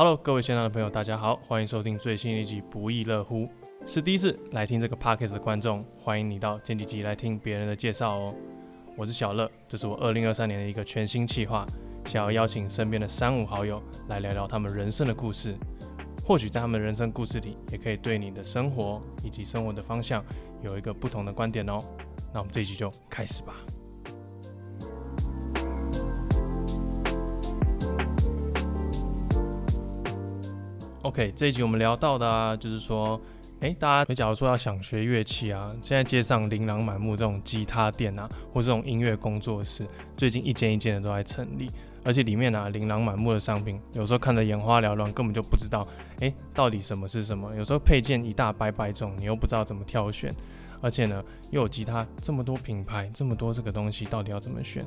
Hello，各位現場的朋友，大家好，歡迎收聽最新一集《不亦樂乎》。是第一次來聽這個 podcast 的觀眾，歡迎你到前幾集來聽別人的介紹哦。我是小樂，這是我2023年的一個全新計劃，想要邀請身邊的三五好友來聊聊他們人生的故事。或許在他們的人生故事裡，也可以對你的生活以及生活的方向有一個不同的觀點哦。那我們這一集就開始吧。OK，這一集我們聊到的啊，就是說，誒、欸，大家，假如說要想學樂器啊，現在街上琳琅滿目這種吉他店啊，或者這種音樂工作室，最近一間一間的都在成立，而且裡面啊琳琅滿目的商品，有時候看得眼花繚亂，根本就不知道，哎、欸，到底什麼是什麼？有時候配件一大百百種，你又不知道怎麼挑選，而且呢，又有吉他這麼多品牌，這麼多這個東西，到底要怎麼選？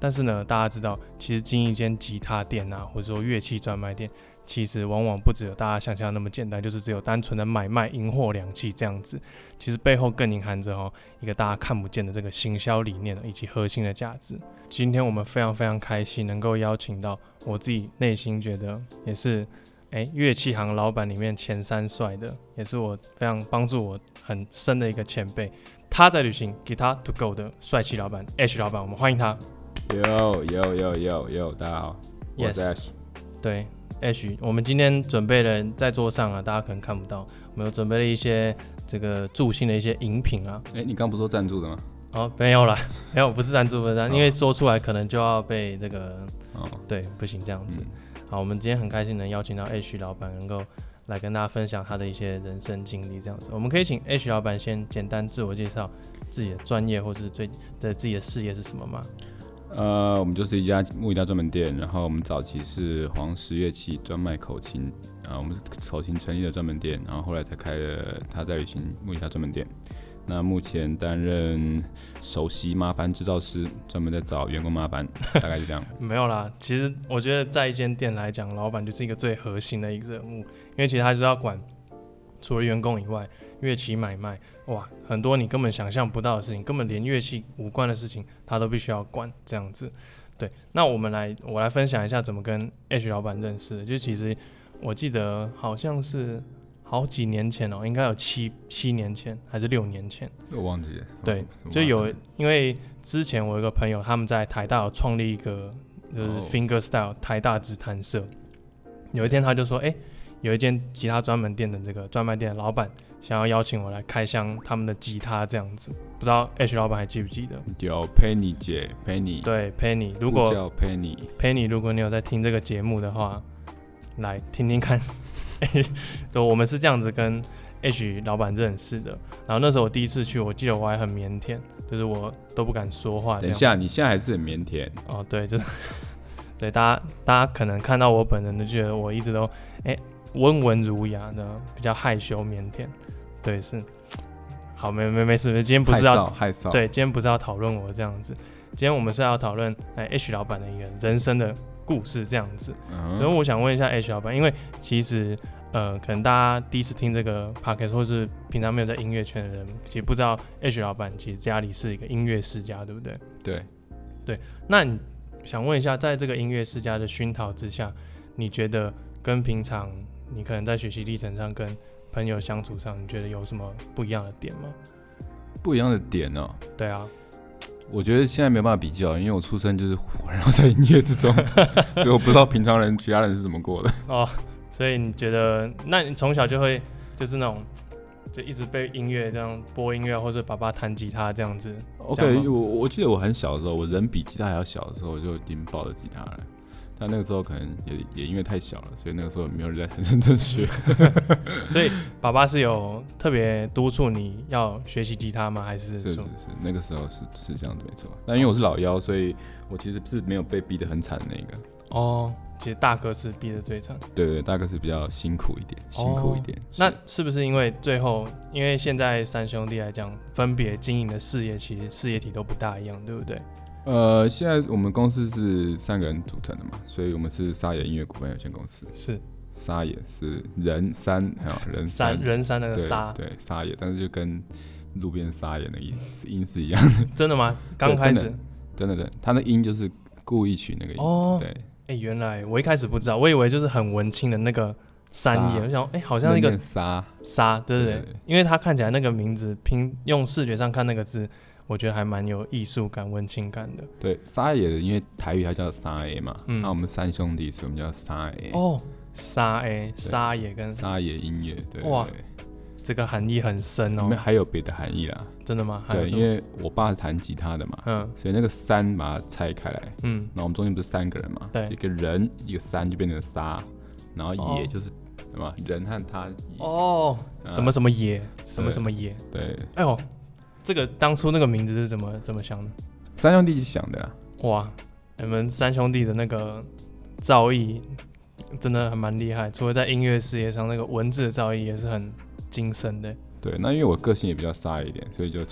但是呢，大家知道，其實經營一間吉他店啊，或者說樂器專賣店，其實往往不只有大家想象那麼簡單，就是只有單純的買賣、銀貨兩訖這樣子。其實背後更隱含着哦，一個大家看不見的這個行銷理念、哦、以及核心的價值。今天我們非常非常開心能夠邀請到我自己內心覺得也是哎樂器行老闆裡面前三帥的，也是我非常幫助我很深的一個前輩。他在旅行 Guitar to Go 的帥氣老闆 Ash 老闆，我們歡迎他。有有有有有，大家好，我是 Ash，、yes, 對。Ash，我們今天準備了在桌上啊，大家可能看不到，我們有準備了一些這個助興的一些飲品啊。誒、欸，你剛不說贊助的嗎？哦，oh, 沒有了， 沒有，不是贊助不是贊助，是助 oh. 因為說出來可能就要被這個，哦，oh. 對，不行這樣子。嗯、好，我們今天很開心能邀請到 Ash 老闆能夠來跟大家分享他的一些人生經歷，這樣子，我們可以請 Ash 老闆先簡單自我介紹自己的專業或是最的自己的事業是什麼嗎？呃，我們就是一家木吉他專門店。然後我們早期是黃石樂器專賣口琴啊，我們是口琴成立的專門店。然後後來才開了他在旅行木吉他專門店。那目前擔任首席麻煩製造師，專門在找員工麻煩，大概就這樣。 沒有啦，其實我覺得在一間店來講，老闆就是一個最核心的一個人物，因為其實他就是要管。除了員工以外，樂器買賣，哇，很多你根本想象不到的事情，根本連樂器無關的事情，他都必須要管這樣子。對，那我們來，我來分享一下怎麼跟 Ash 老闆認識的。就其實我記得好像是好幾年前哦，應該有七七年前還是六年前，我忘記了。對，就有因為之前我有個朋友，他們在台大創立一個就是 finger style、oh. 台大指彈社。有一天他就說，誒 Okay.、欸。有一間吉他專門店的這個專賣店的老闆想要邀請我來開箱他們的吉他，這樣子，不知道 Ash 老闆還記不記得？叫 Penny 姐，Penny，對 Penny，如果叫 Penny，Penny，如果你有在聽這個節目的話，來聽聽看。 就我們是這樣子跟 Ash 老闆認識的。然後那時候我第一次去，我記得我還很靦腆，就是我都不敢說話。等一下，你現在還是很靦腆哦？對，就是對大家，大家可能看到我本人就覺得我一直都、欸溫文儒雅的，比較害羞靦腆，對是，好，沒沒沒事沒今天不是要，害羞對，害羞今天不是要討論我這樣子，今天我們是要討論哎 Ash 老闆的一個人生的故事這樣子，嗯、所以我想問一下 Ash 老闆，因為其實呃，可能大家第一次聽這個 Podcast，或是平常沒有在音樂圈的人，其實不知道 Ash 老闆其實家裡是一個音樂世家，對不對？對，對，那你想問一下，在這個音樂世家的熏陶之下，你覺得跟平常你可能在學習歷程上，跟朋友相處上，你覺得有什麼不一樣的點嗎？不一樣的點呢，喔？對啊，我覺得現在沒有辦法比較，因為我出生就是環繞在音樂之中， 所以我不知道平常人其他人是怎麼過的。哦，所以你覺得，那你從小就會就是那種就一直被音樂這樣播音樂，或者爸爸彈吉他這樣子？OK，這樣嗎？我我記得我很小的時候，我人比吉他還要小的時候，我就已經抱着吉他了。但那個時候可能也也因為太小了，所以那個時候沒有在很認真學。 所以爸爸是有特別督促你要學習吉他嗎？還是說？是是是，那個時候是是這樣子，沒錯。但因為我是老幺，所以我其實是沒有被逼得很慘的那個。哦，其實大哥是逼得最慘。對，對對，大哥是比較辛苦一點，辛苦一點。哦、是那是不是因為最後，因為現在三兄弟來講，分別經營的事業，其實事業體都不大一樣，對不對？呃，現在我們公司是三個人組成的嘛，所以我們是沙野音樂股份有限公司。是，沙野是人山，還人山，人山山山那個沙對，對，沙野，但是就跟路邊撒野那個音音是一樣的。真的嗎？剛開始？真的，真的，他那音就是故意取那個音。對，哎、哦，原來我一開始不知道，嗯、我以為就是很文青的那個山野，沙我想哎，好像個那個沙沙，對對，對對對，因為他看起來那個名字拼用視覺上看那個字，我覺得還蠻有藝術感、溫情感的。對，撒野的，因為台語它叫“撒野”嘛，那我們三兄弟，所以我們叫“撒野”。哦，撒野，撒野跟撒野音樂，哇，這個含義很深哦。因為還有別的含義啊？真的嗎？對，因為我爸彈吉他的嘛，嗯，所以那個“三”把它拆開來，嗯，那我們中間不是三個人嘛？對，一個人一個“三”就變成“撒”，然後“野”就是什麼人和他。哦，什麼什麼野，什麼什麼野？對，哎呦。這個當初那個名字是怎麼怎麼想的？三兄弟一起想的呀、啊。哇，你們三兄弟的那個造詣真的還蠻厲害，除了在音樂事業上，那個文字的造詣也是很精深的、欸。對，那因為我個性也比較颯一點，所以就 比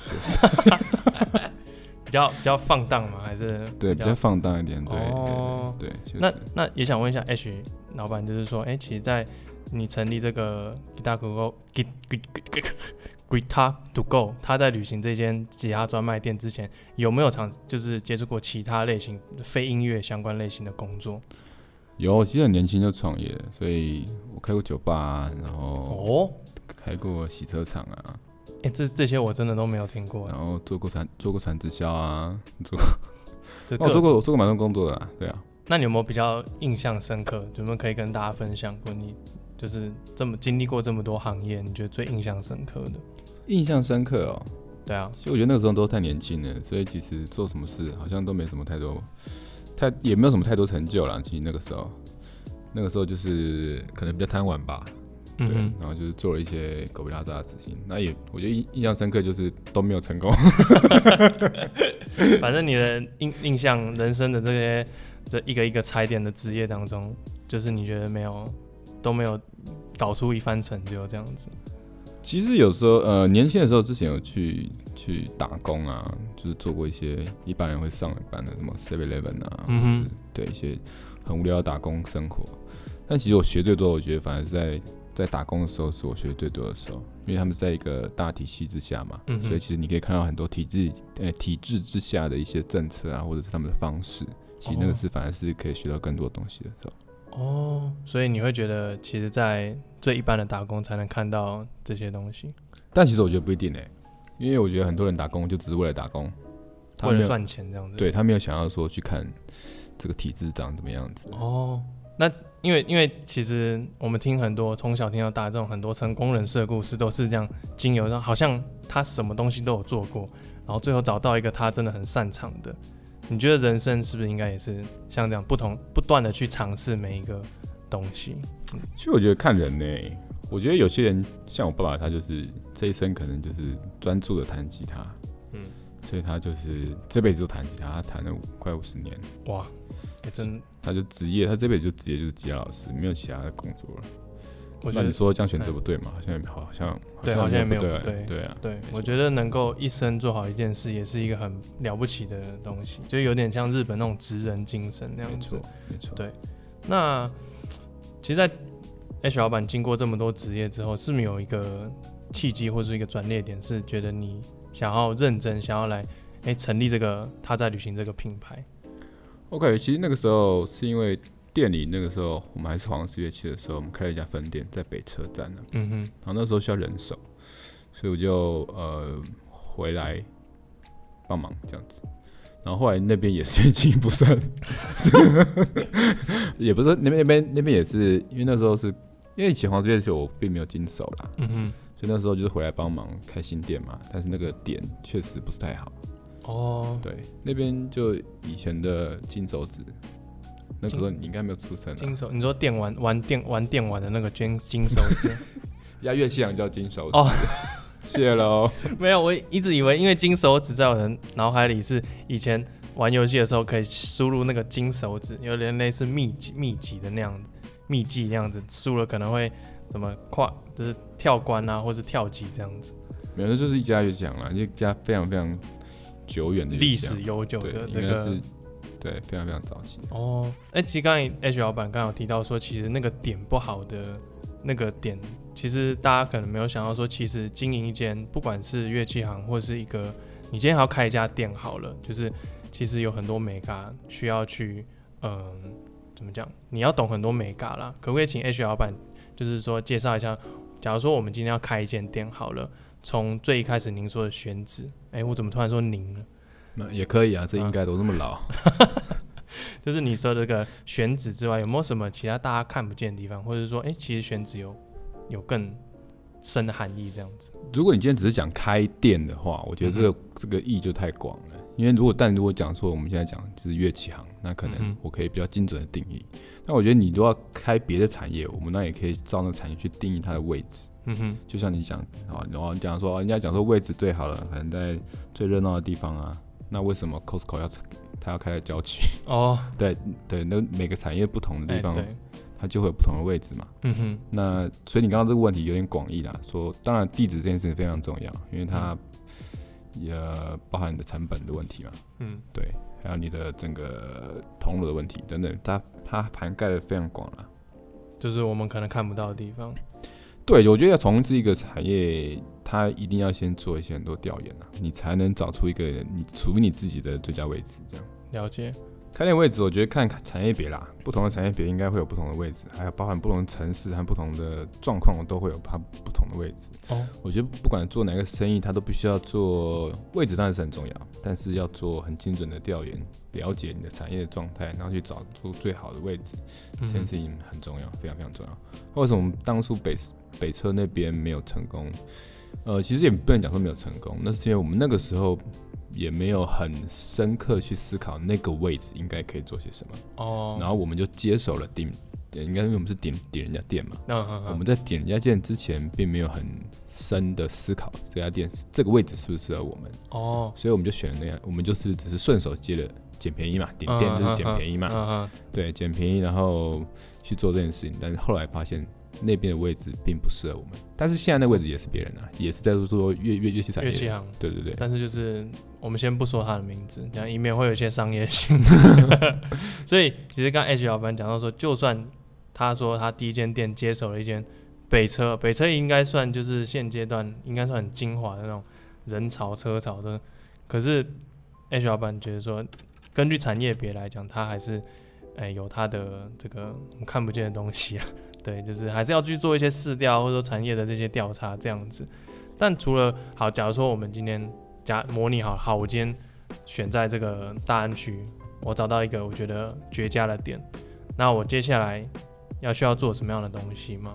較比較放蕩嘛，還是比對比較放蕩一點。對，哦、對。確實那那也想問一下 Ash 老闆，就是說，哎、欸，其實在你成立這個 Guitar to Go。Guitar to Go, 他在旅行這間吉他專賣店之前，有沒有嘗就是接觸過其他類型非音樂相關類型的工作？有，其實很年輕就創業，所以我開過酒吧，然後哦，開過洗車場啊。哎、哦啊欸，這這些我真的都沒有聽過、啊。然後做過傳，做過傳直銷啊，做過這個、我做過我做過蠻多工作的啦，對啊。那你有沒有比較印象深刻，怎麼可以跟大家分享過你？你就是這麼經歷過這麼多行業，你覺得最印象深刻的？印象深刻哦，對啊，所以我覺得那個時候都太年輕了，所以其實做什麼事好像都沒什麼太多，太也沒有什麼太多成就啦。其實那個時候，那個時候就是可能比較貪玩吧，嗯哼對，然後就是做了一些狗屁倒灶的事情，那也我覺得印印象深刻就是都沒有成功。 反正你的印印象人生的這些這一個一個踩點的職業當中，就是你覺得沒有都沒有搞出一番成就這樣子。其實有時候，呃，年輕的時候，之前有去去打工啊，就是做過一些一般人會上班的，什麼 Seven Eleven 啊，嗯、哼對一些很無聊的打工生活。但其實我學最多，我覺得反而是在在打工的時候是我學最多的時候，因為他們是在一個大體系之下嘛，嗯、哼所以其實你可以看到很多體制呃、欸、體制之下的一些政策啊，或者是他們的方式，其實那個是反而是可以學到更多東西的時候。哦，oh, 所以你會覺得其實，在最一般的打工才能看到這些東西，但其實我覺得不一定呢、欸，因為我覺得很多人打工就只是為了打工，他為了賺錢這樣子，對，他沒有想要說去看這個體制長怎麼樣子。哦，oh, 那因為因為其實我們聽很多從小聽到大這種很多成功人士的故事都是這樣，經由說好像他什麼東西都有做過，然後最後找到一個他真的很擅長的。你覺得人生是不是應該也是像這樣不同不斷的去嘗試每一個東西？嗯，其實我覺得看人呢、欸，我覺得有些人像我爸爸，他就是這一生可能就是專注的彈吉他，嗯，所以他就是這輩子都彈吉他，他彈了5，快五十年，哇，欸、真，他就職業，他這輩子就職業就是吉他老師，沒有其他的工作了。那你說這樣選擇不對嗎、欸好？好像好像對對好像也沒不對，對、啊、對，對啊。對錯，我覺得能夠一生做好一件事，也是一個很了不起的東西，就有點像日本那種職人精神那樣子。沒錯，沒錯。對，那其實在，在、欸、H 老闆經過這麼多職業之後，是不是有一個契機或者是一個轉捩點，是覺得你想要認真，想要來哎、欸、成立這個他在旅行這個品牌。OK，其實那個時候是因為。店裡那個時候，我們還是黃氏樂器的時候，我們開了一家分店在北車站、啊、嗯哼。然後那時候需要人手，所以我就呃回來幫忙這樣子。然後後來那邊也是經營不善 是 也不是那邊那邊那邊也是，因為那時候是因為以前黃氏樂器我並沒有經手啦。嗯哼。所以那時候就是回來幫忙開新店嘛，但是那個點確實不是太好。哦。對，那邊就以前的金手指。那個時候你應該沒有出生、啊，金。金手，你說電玩、玩電玩、電玩的那個金金手指， 人家樂器好像叫金手指哦， 謝嘍、哦。沒有，我一直以為因為金手指在我的腦海裡是以前玩遊戲的時候可以輸入那個金手指，有點類似秘籍秘籍，的那樣秘籍那樣子，輸了可能會怎麼跨，就是跳關啊，或是跳級這樣子。沒有，那就是一家樂器啦，一家非常非常久遠的歷史悠久的這個。對，非常非常早期哦。哎，oh, 其實剛剛 Ash 老板剛有提到說，其實那個點不好的那個點，其實大家可能沒有想到說，其實經營一間不管是樂器行或者是一個，你今天還要開一家店好了，就是其實有很多美嘎需要去，嗯、呃，怎麼講？你要懂很多美嘎啦，可不可以請 Ash 老板就是說介紹一下？假如說我們今天要開一間店好了，從最一開始您說的選址，哎、欸，我怎麼突然說您了？那也可以啊，這應該都那麼老。嗯、 就是你說這個選址之外，有沒有什麼其他大家看不見的地方，或者說，哎，其實選址有有更深的含義這樣子？如果你今天只是講開店的話，我覺得這個、嗯、哼這個意就太廣了。因為如果但如果講說我們現在講就是樂器行，那可能我可以比較精準的定義。那、嗯、哼我覺得你如果要開別的產業，我們那也可以照那個產業去定義它的位置。嗯哼，就像你講啊，然後你講說人家講說位置最好了，可能在最熱鬧的地方啊。那為什麼 Costco 要它要開在郊區？哦、oh.，對對，那每個產業不同的地方，欸、它就會有不同的位置嘛。嗯哼。那所以你剛剛這個問題有點廣義啦，說當然地址這件事情非常重要，因為它、嗯、也包含你的成本的問題嘛。嗯，對，還有你的整個通路的問題等等，它它涵蓋的非常廣了，就是我們可能看不到的地方。對，我覺得要從事一個產業，它一定要先做一些很多調研啊，你才能找出一個你處於你自己的最佳位置。這樣，了解開店位置，我覺得看產業別啦，不同的產業別應該會有不同的位置，還有包含不同的城市和不同的狀況，都會有它不同的位置。哦，我覺得不管做哪個生意，它都必須要做位置，當然是很重要，但是要做很精準的調研，了解你的產業的狀態，然後去找出最好的位置，這件事情很重要，非常非常重要。為什麼當初北？北車那邊沒有成功，呃，其實也不能講說沒有成功，那是因為我們那個時候也沒有很深刻去思考那個位置應該可以做些什麼哦。然後我們就接手了頂，應該因為我們是頂頂人家店嘛。我們在頂人家店之前，並沒有很深的思考這家店這個位置適不適合我們哦。所以我們就選了那樣。我們就是只是順手接了撿便宜嘛，頂店就是撿便宜嘛。對，撿便宜，然後去做這件事情，但是後來發現。那邊的位置並不適合我們，但是現在那位置也是別人的，啊，也是在說，說越樂樂器產業。樂器行，對對對。但是就是我們先不說他的名字，講，以免會有一些商業性。 所以其實剛 Ash 老闆講到說，就算他說他第一間店接手了一間北車，北車應該算就是現階段應該算很精華的那種人潮車潮的，可是 Ash 老闆覺得說，根據產業別來講，他還是哎、欸、有他的這個我看不見的東西啊。對，就是還是要去做一些市調，或者說產業的這些調查這樣子。但除了好，假如說我們今天假模擬好，好，我今天選在這個大安區，我找到一個我覺得絕佳的點，那我接下來要需要做什麼樣的東西嗎？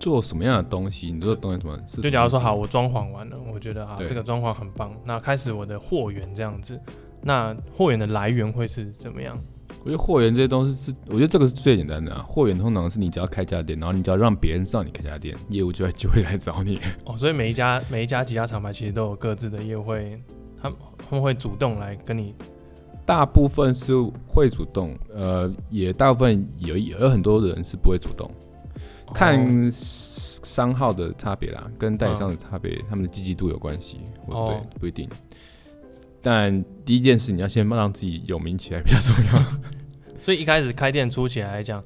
做什麼樣的東西？你說這個東西怎麼？就假如說好，我裝潢完了，我覺得對啊這個裝潢很棒，那開始我的貨源這樣子，那貨源的來源會是怎麼樣？我覺得貨源這些東西是，我覺得這個是最簡單的啊。貨源通常是你只要開家店，然後你只要讓別人知道你開家店，業務就會就會來找你。哦，所以每一家每一家吉他廠牌其實都有各自的業務會，他們會主動來跟你。大部分是會主動，呃，也大部分有有很多人是不會主動，看商號的差別啦，跟代理商的差別，啊、他們的積極度有關係，對、哦、不一定。但第一件事，你要先讓自己有名起來比較重要。 所以一開始開店初期來講，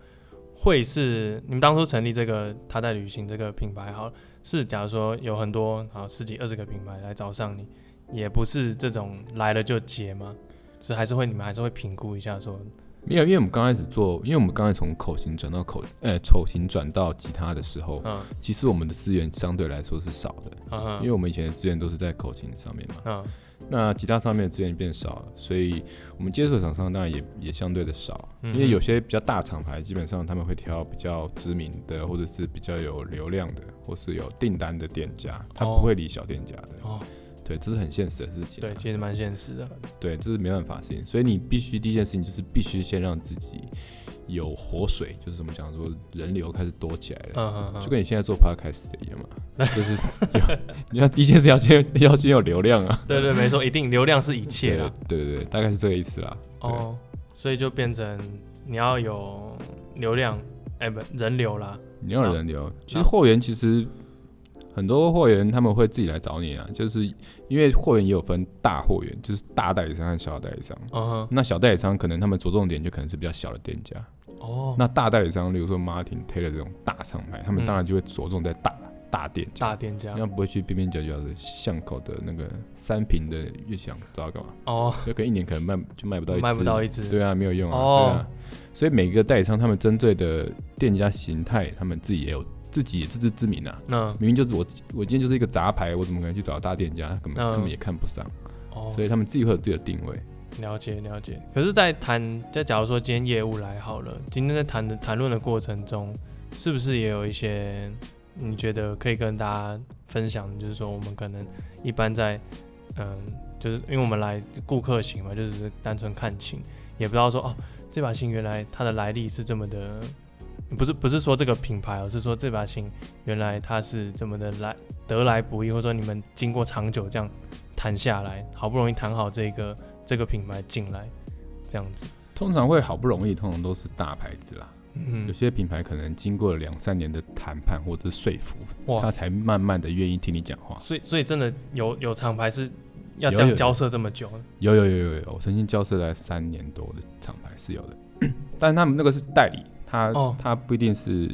會是你們當初成立這個“他在旅行”這個品牌好，好是，假如說有很多好十幾二十個品牌來找上你，也不是這種來了就接嗎？是還是會你們還是會評估一下說。沒有，因為我們剛開始做，因為我們剛開始從口琴轉到口，呃、欸，口琴轉到吉他的時候，嗯，其實我們的資源相對來說是少的，嗯哼，因為我們以前的資源都是在口琴上面嘛，嗯。那吉他上面資源變少了，所以我們接觸的廠商當然也也相對的少，嗯、哼因為有些比較大廠牌，基本上他們會挑比較知名的，或者是比較有流量的，或是有訂單的店家，他不會理小店家的。哦，哦對，這是很現實的事情。對，其實蠻現實的。對，這是沒辦法的事情，所以你必須第一件事情就是必須先讓自己。有活水，就是怎麼講？說人流開始多起來了，嗯嗯嗯、就跟你現在做 Podcast 一樣嘛，就是 你要第一件事要先要先有流量啊。對對,對沒，沒錯，一定流量是一切。對對對，大概是這個意思啦。哦，所以就變成你要有流量，哎、欸，不，人流啦，你要有人流。啊、其實貨源其實很多貨源他們會自己來找你啊，就是因為貨源也有分大貨源，就是大代理商和小代理商。嗯嗯、那小代理商可能他們着重點就可能是比較小的店家。哦，oh, 那大代理商，例如說馬 l 推 r 這種大廠牌，他們當然就會着重在大大店、嗯、大店家，因為他們不會去邊邊角角的巷口的那個三平的樂知找幹嘛？哦，oh, 可能一年可能賣就賣不到一只，不到一對啊，沒有用啊，oh. 對啊。所以每個代理商他們針對的店家形態，他們自己也有自己自知之明啊。嗯，uh, 明明就是我我今天就是一個雜牌，我怎麼可能去找大店家？根本他們、uh, 也看不上。哦，oh. 所以他們自己會有自己的定位。了解了解，可是在，在談就假如說今天業務來好了，今天在談的談論的過程中，是不是也有一些你覺得可以跟大家分享的？就是說，我們可能一般在嗯，就是因為我們來顧客型嘛，就是單純看琴，也不知道說哦，這把琴原來它的來歷是這麼的，不是不是說這個品牌，而是說這把琴原來它是這麼的來得來不易，或者說你們經過長久這樣談下來，好不容易談好這個。這個品牌進來，這樣子通常會好不容易，通常都是大牌子啦。嗯哼，有些品牌可能經過了兩三年的談判或者說服，他哇才慢慢的願意聽你講話。所以，所以真的有有廠牌是要這樣交涉這麼久的有有的？有有有有有，我曾經交涉了三年多的廠牌是有的， 但是他們那個是代理，他他、哦、不一定是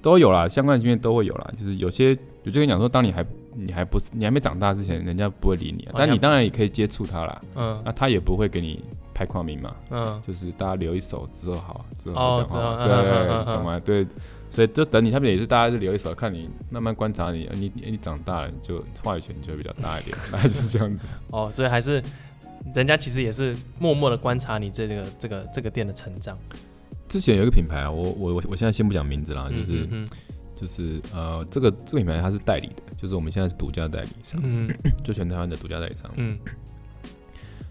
都有啦，相關的經驗都會有啦。就是有些有就跟你講說，當你還你還不是你還沒長大之前，人家不會理你，啊，但你當然也可以接觸他啦。嗯、啊，那、啊啊、他也不會給你拍框名嘛。嗯、啊，就是大家留一手之後好之後講話好，哦、對、對、對，啊啊啊、懂嗎？啊啊、對，所以就等你，他們也是大家就留一手，看你慢慢觀察你，你你、你長大了你就你話語權就會比較大一點，大概就 是這樣子。哦，所以還是人家其實也是默默的觀察你這個這個這個店的成長。之前有一個品牌，啊，我我我我現在先不講名字啦，就是、嗯、哼就是呃，這個這個品牌它是代理的。就是我們現在是獨家代理商，嗯、就全台灣的獨家代理商，嗯。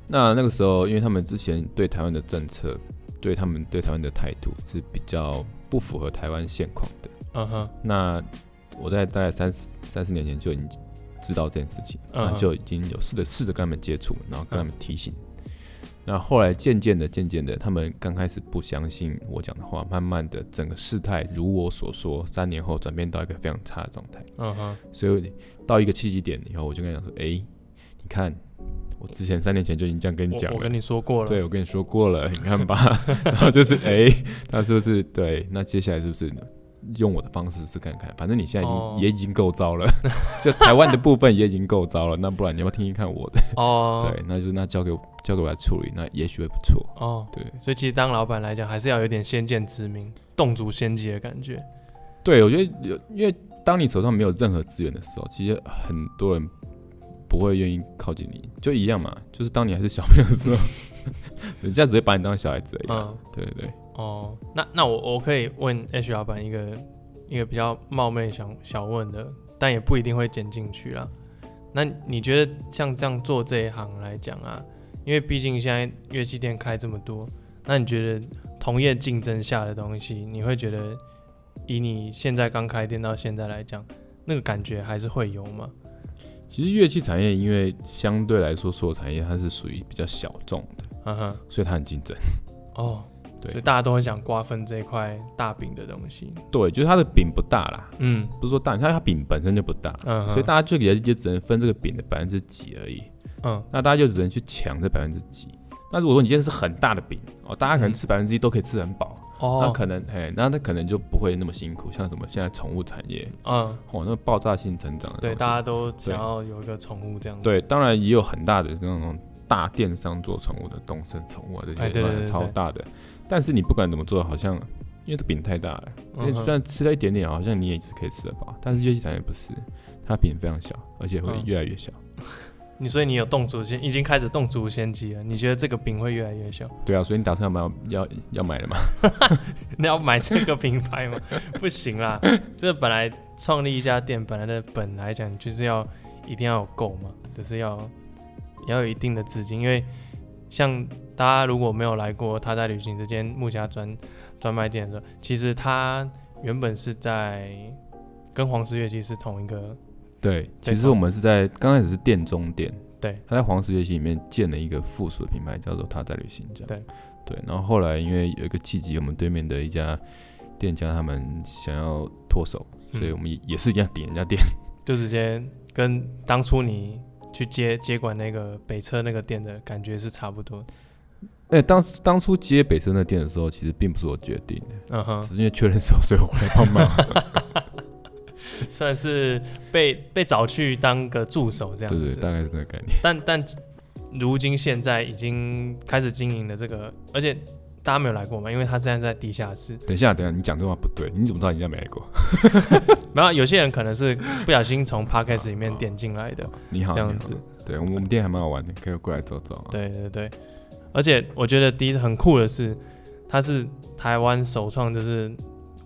那那個時候，因為他們之前對台灣的政策，對他們對台灣的態度是比較不符合台灣現況的，嗯哼、啊哈。那我在大概三十三四年前就已經知道這件事情，啊、哈那就已經有試着試着跟他們接觸，然後跟他們提醒。啊那後來漸漸的，漸漸的，他們剛開始不相信我講的話，慢慢的，整個事態如我所說，三年後轉變到一個非常差的狀態。嗯哼、uh，huh. 所以到一個契機點以後，我就跟他說：“哎、欸，你看，我之前三年前就已經這樣跟你講了我，我跟你說過了，對，我跟你說過了，你看吧。” 然後就是，哎、欸，那是不是，對，那接下來是不是呢？用我的方式試看看，反正你現在已經、oh. 也已經夠糟了， 就台灣的部分也已經夠糟了。 那不然你要不要聽聽看我的？哦，oh. 對，那就是那交給我交給我來處理，那也許會不錯。哦，oh. 對，所以其實當老板來講，還是要有點先見之明，洞燭先機的感覺。對，我覺得有，因為當你手上沒有任何資源的時候，其實很多人不會願意靠近你。就一樣嘛，就是當你還是小朋友的時候， 人家只會把你當小孩子而已。嗯、對,對對。哦、oh，那那我我可以問 H 老板一個一個比較冒昧想想問的，但也不一定會剪進去啦。那你覺得像這樣做這一行來講啊，因為畢竟現在樂器店開這麼多，那你覺得同業競爭下的東西，你會覺得以你現在剛開店到現在來講，那個感覺還是會有嗎？其實樂器產業因為相對來說所有產業它是屬於比較小眾的，uh-huh. 所以它很競爭。哦。對所以大家都很想瓜分這塊大餅的東西。對，就是它的餅不大啦，嗯，不是說大，它它餅本身就不大，嗯哼，所以大家就也也只能分這個餅的百分之幾而已，嗯，那大家就只能去搶這百分之幾。那如果說你今天是很大的餅哦，大家可能吃百分之一都可以吃很飽哦，嗯、那可能嘿那、哦欸、那可能就不會那麼辛苦，像什麼現在寵物產業，嗯，哦，那個、爆炸性成長的，對，大家都只要有一個寵物這樣子對。對，當然也有很大的那種大電商做寵物的東森寵物、啊、這些，對，超大的。欸對對對對但是你不管怎麼做，好像因為這餅太大了，因為雖然吃了一點點，好像你也是可以吃得飽。但是樂器行也不是，它餅非常小，而且會越來越小。嗯、你所以你有洞燭先，已經開始洞燭先機了。你覺得這個餅會越來越小？對啊，所以你打算要買要要買了嗎？ 你要買這個品牌嗎？ 不行啦，這本來創立一家店，本來的本來講就是要一定要有夠嘛，就是要要有一定的資金，因為像。大家如果沒有來過他在旅行這間木吉他專專賣店的時候，其實他原本是在跟黃石樂器是同一個對。對，其實我們是在剛開始是店中店。對。他在黃石樂器裡面建了一個附屬的品牌，叫做他在旅行這樣。對。對，然後後來因為有一個契機，我們對面的一家店家他們想要脫手，所以我們也、嗯、也是一樣頂人家店，就直接跟當初你去接接管那個北車那個店的感覺是差不多。哎、欸，當當初接北森的店的時候，其實並不是我決定的，嗯哼、uh，huh. 只是因為確認手，所以我回來幫忙， 算是被被找去當個助手這樣子，子對對，大概是這個概念。但但如今現在已經開始經營了這個，而且大家沒有來過嘛，因為他現在在地下室。等一下，等一下，你講這話不對，你怎麼知道人家沒來過？沒有，有些人可能是不小心從 podcast 裡面點進來的、嗯嗯嗯。你好，你好這樣子，對我們，我們店還蠻好玩的，可以過來走走、啊。對，對對對。而且我覺得第一很酷的是，它是台灣首創，就是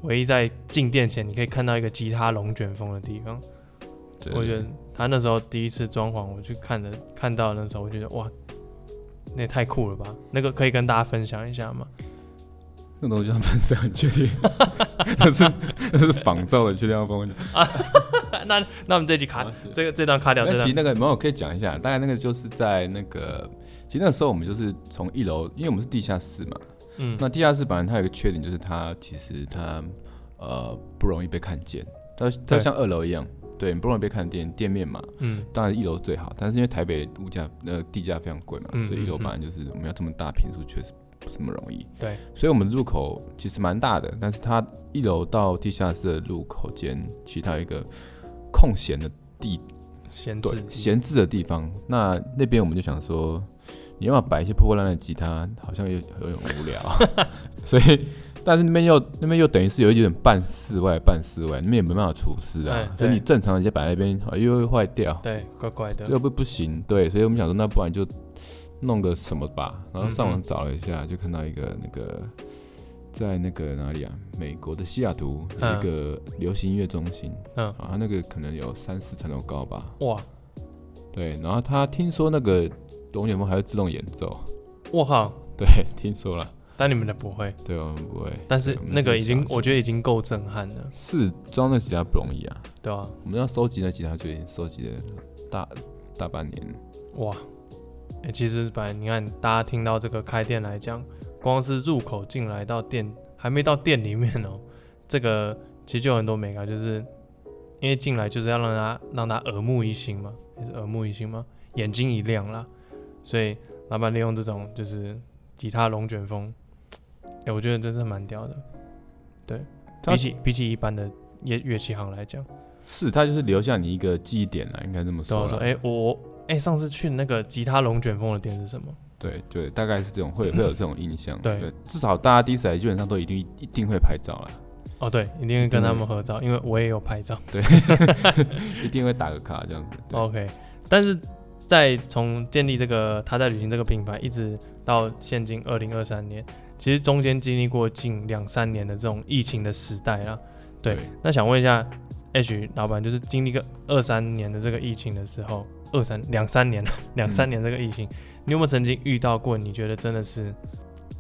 唯一在進店前你可以看到一個吉他龍捲風的地方。是的 我覺得他那時候第一次裝潢，我去看的，看到的時候我覺得哇，那也太酷了吧！那個可以跟大家分享一下嗎？那東西要分享？你確定？那是那是仿造的，確定要 啊，那那我們這一集卡、啊、這個這段卡掉。吧？其實那個沒有、那個、可以講一下，大概那個就是在那個。其實那時候我們就是從一樓，因為我們是地下室嘛，嗯，那地下室本來它有一個缺點就是它其實它呃不容易被看見，它它像二樓一樣，對，對你不容易被看見店面嘛，嗯，當然一樓最好，但是因為台北物價那、呃、地價非常貴嘛，嗯、所以一樓本來就是我們要這麼大坪數確實不是那麼容易，對，所以我們的入口其實蠻大的，但是它一樓到地下室的入口間，其實它有一個空閒的地，閒置閒對置的地方，那那邊我們就想說，你要擺一些破破爛爛的吉他，好像又有點無聊，啊， 所以但是那邊又那邊又等於是有一點半室外半室外，那邊也沒辦法除濕啊，嗯、所以你正常一些擺在那邊，啊、又會壞掉，對，怪怪的，又不不行，對，所以我們想說，那不然就弄個什麼吧，然後上網找了一下，嗯嗯就看到一個那個。在那個哪裡啊？美國的西雅圖一個流行音樂中心，嗯，啊，他那個可能有三四層樓高吧。哇，對，然後他聽說那個龍捲風還會自動演奏，我靠哈，對，聽說了，但你們的不會，對，我們不會，但是瞧瞧那個已經我覺得已經夠震撼了。是裝那吉他不容易啊，對啊，我們要收集那吉他，就已經收集了大大半年。哇，哎、欸，其實本來你看大家聽到這個開店來講。光是入口進來到店，還沒到店裡面哦。這個其實就很多美感，就是因為進來就是要讓他讓他耳目一新嘛，也是耳目一新嘛，眼睛一亮啦。所以老板利用這種就是吉他龍捲風，哎，我覺得真是蠻屌的。對，他比起比起一般的樂樂器行來講，是，他就是留下你一個記憶點了，應該這麼說。我說，哎，我哎上次去那個吉他龍捲風的店是什麼？對，對，大概是這種，會會有這種印象。嗯、對，對，至少大家第一次來，基本上都一定一定會拍照啦。哦，對，一定會跟他們合照，因為我也有拍照。對， 一定會打個卡這樣子。OK，但是在從建立這個“他在旅行”這個品牌，一直到現今二零二三年，其實中間經歷過近兩三年的這種疫情的時代啦。對，對那想問一下 Ash、欸、老闆，就是經歷個二三年的這個疫情的時候，二三兩三年，兩三年這個疫情。嗯你有沒有曾經遇到過？你覺得真的是，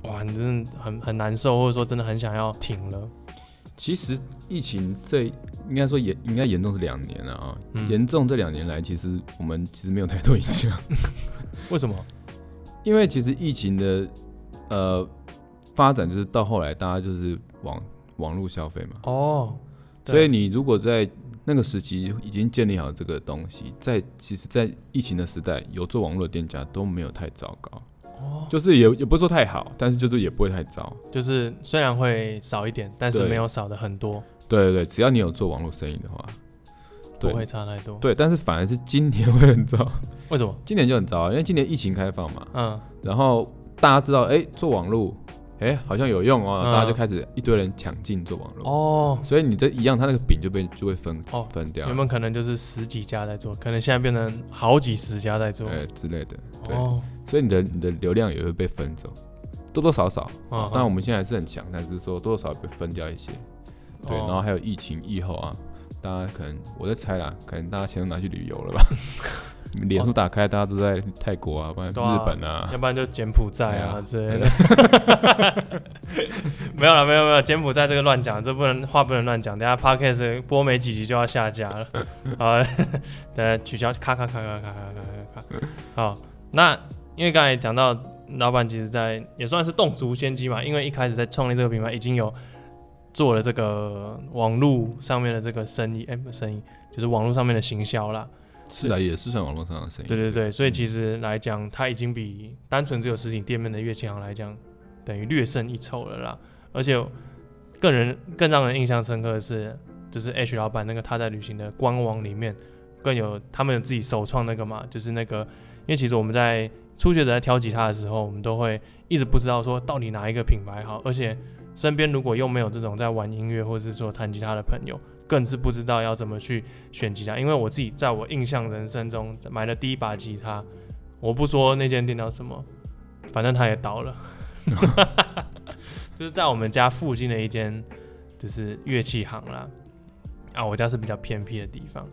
哇，你真的很很難受，或者說真的很想要停了？其實疫情這應該說也應該嚴重是兩年了啊、哦。嗯。嚴重這兩年來，其實我們其實沒有太多影響。 為什麼？因為其實疫情的呃發展，就是到後來大家就是網網路消費嘛。哦，所以你如果在。那個時期已經建立好這個東西，在其實，在疫情的時代，有做網絡的店家都沒有太糟糕，哦，就是也也不是說太好，但是就是也不會太糟，就是雖然會少一點，但是沒有少的很多。對對對，只要你有做網絡生意的話，不會差太多。對，但是反而是今年會很糟，為什麼？今年就很糟，因為今年疫情開放嘛，嗯，然後大家知道，哎、欸，做網絡。欸、好像有用哦、啊，嗯、大家就開始一堆人搶進做網絡哦，所以你這一樣，他那個餅就被就會分、哦、分掉。原本可能就是十幾家在做，可能現在變成好幾十家在做、欸、之類的，哦、對。所以你的你的流量也會被分走，多多少少。哦哦、當然我們現在還是很強，但是說多多少少被分掉一些，對。哦、然後還有疫情以後啊，大家可能我在猜啦，可能大家錢都拿去旅遊了吧。 臉書打開，大家都在泰國啊，不然日本啊，要不然就柬埔寨啊之類的。沒有了，沒有沒有，柬埔寨這個亂講，這不能，話不能亂講，等下 podcast 播沒幾集就要下架了。好，等下取消，咔咔咔咔咔咔咔咔。好，那因為剛才講到，老闆其實在，也算是動足先機嘛，因為一開始在創立這個品牌已經有做了這個網絡上面的這個生意，哎，不是生意就是網絡上面的行銷啦。是啊，也是算網絡上的聲音。對對對，對，所以其實來講，嗯、它已經比單純只有實體店面的樂器行來講，等於略勝一籌了啦。而且更人，更讓人印象深刻的是，就是 H 老闆那個他在旅行的官網裡面，更有他們有自己首創那個嘛，就是那個，因為其實我們在初學者在挑吉他的時候，我們都會一直不知道說到底哪一個品牌好，而且身邊如果又沒有這種在玩音樂或者是說彈吉他的朋友。更是不知道要怎麼去選吉他，因為我自己在我印象人生中買了第一把吉他，我不說那間店叫什麼，反正他也倒了， 就是在我們家附近的一間，就是樂器行啦。啊，我家是比較偏僻的地方，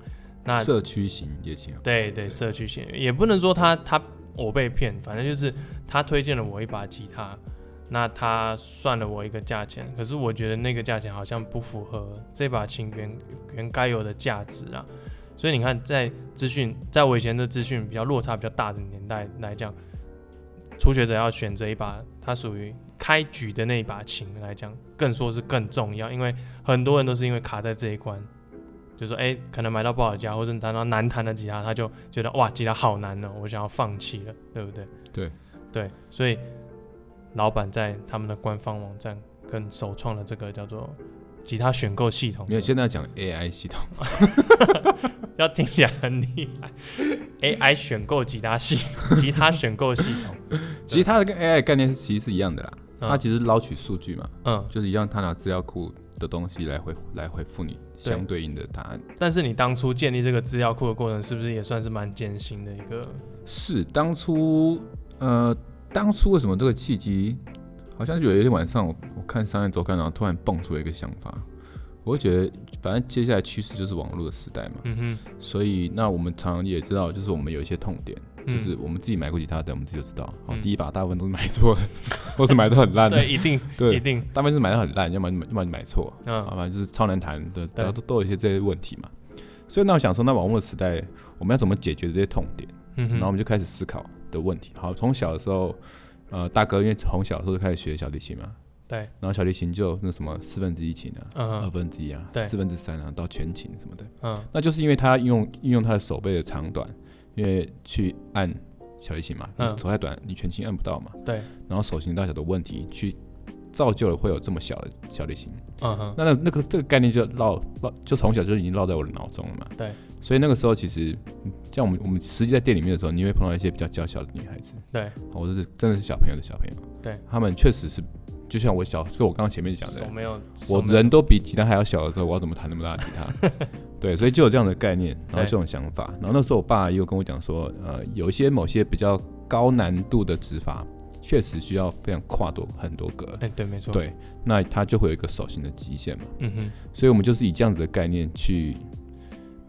那社區型樂器行。對，對對，對社區型也不能說他他我被騙，反正就是他推薦了我一把吉他。那他算了我一個價錢，可是我覺得那個價錢好像不符合這把琴原原該有的價值啊。所以你看，在資訊，在我以前的資訊比較落差比較大的年代來講，初學者要選擇一把它屬於開局的那一把琴來講，更說是更重要，因為很多人都是因為卡在這一關，就說哎、欸，可能買到不好的吉他或者彈到難彈的吉他，他就覺得哇，吉他好難哦、喔，我想要放棄了，對不對？對對，所以。老闆在他們的官方網站跟首創了這個叫做吉他選購系統。沒有，現在要講 AI 系統， 要聽起來很厲害。AI 選購吉他系吉他選購系統，其實它的跟 AI 的概念其實是一樣的啦。它、嗯、其實撈取數據嘛，嗯，就是一樣，它拿資料庫的東西來回來回復你相對應的答案。但是你當初建立這個資料庫的過程，是不是也算是蠻艱辛的一個？是，當初呃。當初為什麼這個契機？好像是有一天晚上，我我看商業周刊，然後突然蹦出了一個想法。我就覺得，反正接下來趨勢就是網絡的時代嘛。嗯哼所以那我們常常也知道，就是我們有一些痛點，嗯、就是我們自己買過吉他的，我們自己就知道。好，嗯、第一把大部分都是買錯，嗯、或是買的很爛的。 對，一定。對，一定。大部分是買的很爛，要麼要麼買錯。嗯、啊，反正就是超難彈的，對都都有一些這些問題嘛。所以那我想說，那網絡的時代，我們要怎麼解決這些痛點？嗯哼然後我們就開始思考。的問題好，從小的時候，呃，大哥因為從小的時候就開始學小提琴嘛，對，然後小提琴就那什麼四分之一琴啊，嗯哼，二分之一啊，對，四分之三啊，到全琴什麼的，嗯，那就是因為他用運用他的手背的長短，因為去按小提琴嘛，你手太短，嗯、你全琴按不到嘛，對，然後手型大小的問題去。造就了會有這麼小的小提琴，嗯哼、uh，那、huh. 那那個這個概念就烙烙就從小就已經烙在我的腦中了嘛。對、uh，huh. 所以那個時候其實，像我們我們實際在店裡面的時候，你會碰到一些比較嬌小的女孩子，對、uh，huh. 我就是真的是小朋友的小朋友，對、uh huh. 他們確實是，就像我小跟我剛剛前面講的，我沒有，沒有我人都比吉他還要小的時候，我要怎麼彈那麼大的吉他？ 對，所以就有這樣的概念，然後這種想法，uh huh. 然後那時候我爸又跟我講說，呃，有一些某些比較高難度的指法。確實需要非常跨多很多格、欸，對，沒錯，對，那它就會有一個手型的極限嘛，嗯哼，所以我們就是以這樣子的概念去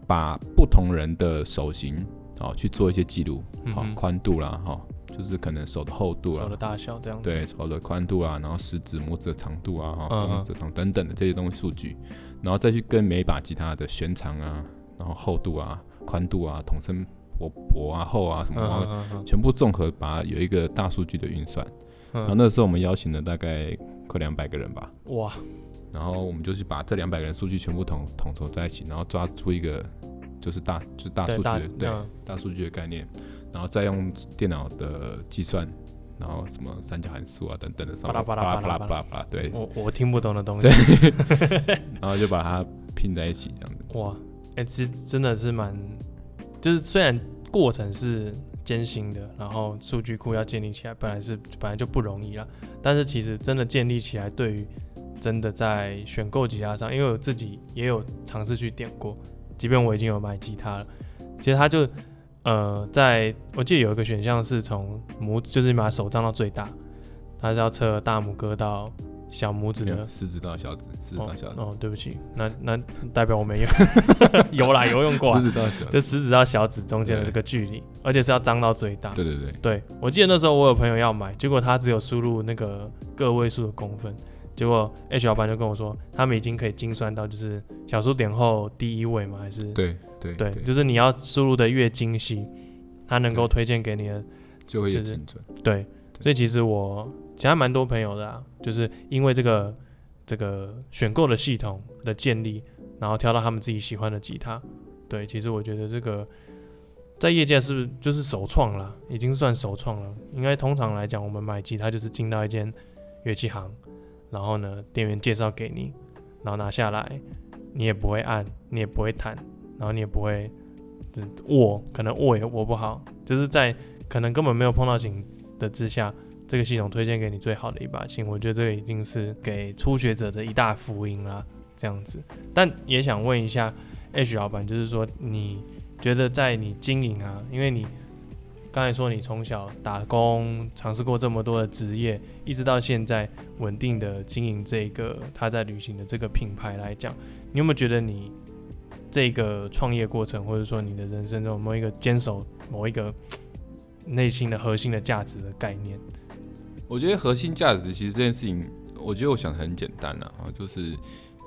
把不同人的手型，喔、去做一些記錄，好寬、嗯哼喔、度啦，哈、喔，就是可能手的厚度啊，手的大小這樣子，對，手的寬度啊，然後食指、拇指的長度啊，哈、嗯哼，等等等等的這些東西數據，然後再去跟每一把吉他的弦長啊，然後厚度啊、寬度啊、筒身。薄薄啊，厚啊，什麼，全部綜合，把有一個大數據的運算。然後那時候我們邀請了大概快兩百個人吧。哇！然後我們就是把這兩百個人數據全部統統籌在一起，然後抓出一個就是大就是大數據的對，對、嗯、大數據的概念，然後再用電腦的計算，然後什麼三角函數啊等等的上巴拉巴拉巴拉巴拉巴拉，對，對，我我聽不懂的東西。對 然後就把它拼在一起，這樣子。哇！哎、欸，其實真的是蠻。就是雖然過程是艱辛的，然後數據庫要建立起來，本來是本來就不容易了。但是其實真的建立起來，對於真的在選購吉他上，因為我自己也有嘗試去點過，即便我已經有買吉他了，其實它就呃，在我記得有一個選項是從拇，就是你把手張到最大，它是要測大拇哥到。小拇指的食指到小指，食指到小指。哦，對不起，那那代表我沒有有啦，有用過。食指到小，就食指到小指中間的這個距離，而且是要張到最大。對對對。對，我記得那時候我有朋友要買，結果他只有輸入那個個位數的公分，結果 H 老板就跟我說，他們已經可以精算到就是小數點後第一位嘛，還是對對對，就是你要輸入的越精細，他能夠推薦給你的就會越精準。對，所以其實我。其他蠻多朋友的、啊，就是因為這個這個選購的系統的建立，然後挑到他們自己喜歡的吉他。對，其實我覺得這個在業界是不是就是首創了，已經算首創了。應該通常來講，我們買吉他就是進到一間樂器行，然後呢，店員介紹給你，然後拿下來，你也不會按，你也不會彈，然後你也不會握，可能握也握不好，就是在可能根本沒有碰到琴的之下。這個系統推薦給你最好的一把琴，我覺得這個一定是給初學者的一大福音啦。這樣子，但也想問一下 Ash 老闆，就是說你覺得在你經營啊，因為你剛才說你從小打工，嘗試過這麼多的職業，一直到現在穩定的經營這個他在旅行的這個品牌來講，你有沒有覺得你這個創業過程，或者說你的人生中某一個堅守某一個內心的核心的價值的概念？我覺得核心價值其實這件事情，我覺得我想的很簡單了啊，就是因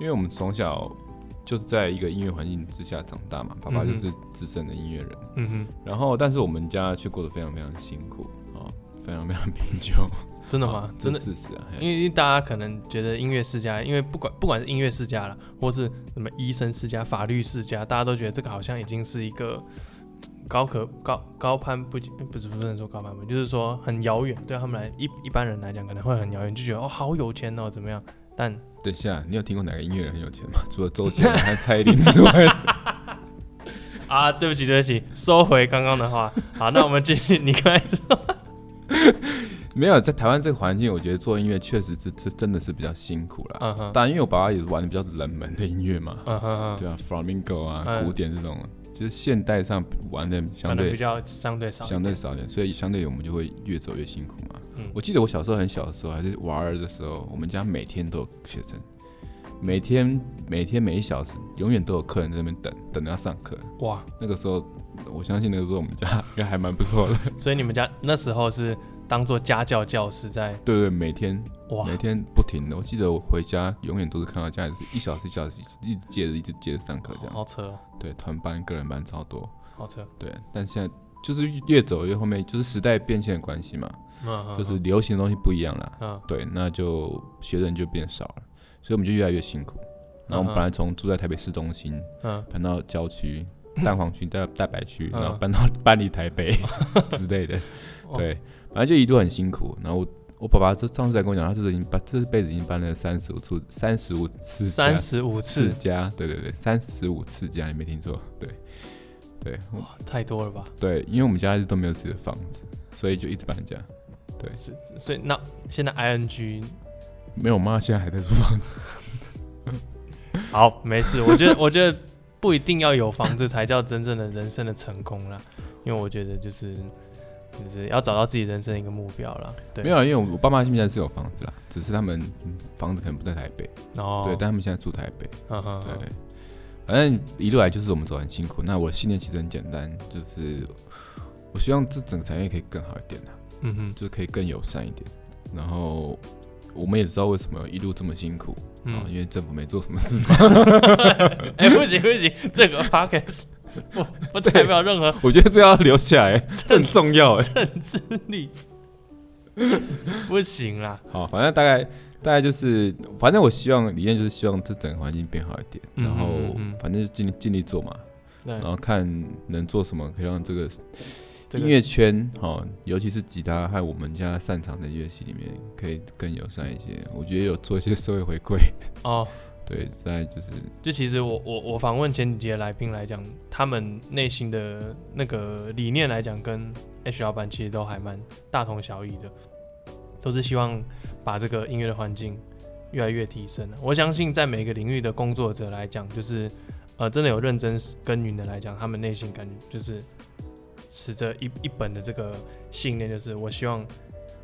為我們從小就是在一個音樂環境之下長大嘛，爸爸就是資深的音樂人嗯，嗯哼，然後但是我們家卻過得非常非常辛苦啊、哦，非常非常貧窮，真的嗎？真的、哦、是事實啊，的嘿因為大家可能覺得音樂世家，因為不管不管是音樂世家了，或是什麼醫生世家、法律世家，大家都覺得這個好像已經是一個。高可高高攀不、欸，不是不能說高攀吧，就是說很遙遠，對、啊，他們來一一般人來講可能會很遙遠，就覺得哦好有錢哦怎麼樣？但等一下，你有聽過哪個音樂人很有錢嗎？除了周杰倫、蔡依林之外？ 啊，對不起對不起，收回剛剛的話。好，那我們繼續， 你開始。沒有在台灣這個環境，我覺得做音樂確實是這真的是比較辛苦了。嗯、哼，但因為我爸爸也是玩比較冷門的音樂嘛，嗯、哼哼對吧？Flamenco 啊，啊嗯、哼古典這種。就現代上玩的相對比較相對少，相對少點，所以相對於我們就會越走越辛苦嘛。我記得我小時候很小的時候，還是玩兒的時候，我們家每天都有學生，每天每天每一小時永遠都有客人在那邊等，等到上課。哇，那個時候我相信那個時候我們家應 該還蠻不錯的。 所以你們家那時候是。當做家教教室在，對對，每天哇，每天不停的。我記得我回家永遠都是看到家裡是一小時一小時一直接着一直接着上課這樣。好扯，對，團班、個人班超多。好扯，對，但現在就是越走越後面，就是時代變遷的關係嘛，就是流行的東西不一樣了。嗯。對，那就學生就變少了，所以我們就越來越辛苦。然後我們本來從住在台北市中心，搬到郊區、蛋黃區、大白區，然後搬到搬離台北之類的，對。反正就一度很辛苦，然後我，我爸爸就上次在跟我講，他這是已經搬，這輩子已經搬了35 35三十五次，三十五次，三十五次家，對對對，三十五次家，你沒聽錯，對，對，哇，太多了吧？對，因為我們家一直都沒有自己的房子，所以就一直搬家，對，是所以那現在 ING 沒有，我媽現在還在租房子。 好，沒事，我覺得 我覺得不一定要有房子才叫真正的人生的成功啦，因為我覺得就是。就是要找到自己人生的一個目標了。對，沒有，因為我爸媽現在是有房子啦，只是他們房子可能不在台北哦。Oh. 對，但他們現在住台北。嗯、oh. 對，對，對，反正一路來就是我們走很辛苦。那我信念其實很簡單，就是我希望這整個產業可以更好一點的。嗯哼、mm，hmm. 就可以更友善一點。然後我們也知道為什麼一路這麼辛苦啊，mm hmm. 因為政府沒做什麼事。哎，不行不行，這個話題是。我不，也沒有任何。我覺得這要留下來、欸，這很治重要、欸。政治立場不行啦。好，反正大概大概就是，反正我希望理念就是希望這整個環境變好一點，嗯哼嗯哼，然後反正盡盡力做嘛，對然後看能做什麼可以讓這個、這個、音樂圈，哈、哦，尤其是吉他還有我們家擅長的樂器裡面，可以更友善一些。我覺得有做一些社會回饋哦。對，在就是，就其實我我我訪問前幾集來賓來講，他們內心的那個理念來講，跟 Ash 老闆其實都還蠻大同小異的，都是希望把這個音樂的環境越來越提升。我相信，在每個領域的工作者來講，就是呃，真的有認真耕耘的來講，他們內心感覺就是持着一一本的這個信念，就是我希望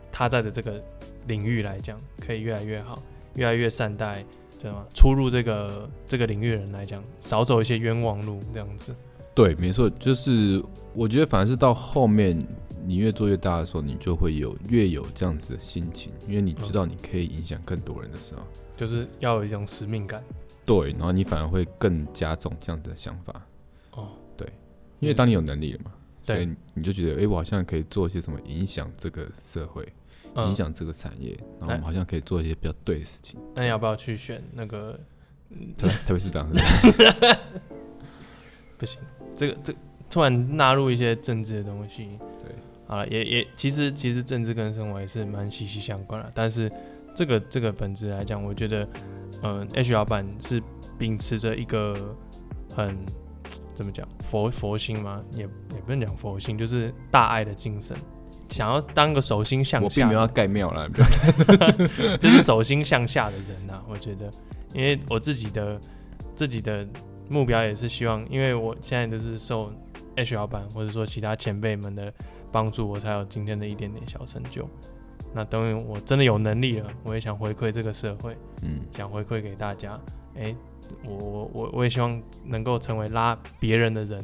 他在的這個領域來講可以越來越好，越來越善待。對嗎？出入這個這個領域的人來講，少走一些冤枉路，這樣子。對，沒錯，就是我覺得反而是到後面你越做越大的時候，你就會有越有這樣子的心情，因為你知道你可以影響更多人的時候，哦，就是要有一種使命感。對，然後你反而會更加重這樣子的想法。哦，對，因為當你有能力了嘛，對，你就覺得哎，我好像可以做一些什麼影響這個社會。影響這個產業，嗯、然後我們好像可以做一些比較對的事情。哎、那要不要去選那個、嗯、特別別 是這樣。 不行，這個這個、突然納入一些政治的東西。對，好了，也也其實其實政治跟生活也是蠻息息相關了。但是這個這個本質來講，我覺得，嗯，Ash 老闆是秉持着一個很怎麼講佛佛心嘛，也也不能講佛心，就是大愛的精神。想要當個手心向下，我並沒有要蓋廟了，就是手心向下的人吶、啊。我覺得，因為我自己的自己的目標也是希望，因為我現在就是受 H 老闆或者說其他前輩們的幫助，我才有今天的一點點小成就。那等於我真的有能力了，我也想回饋這個社會，嗯，想回饋給大家。哎，我我我我也希望能夠成為拉別人的人，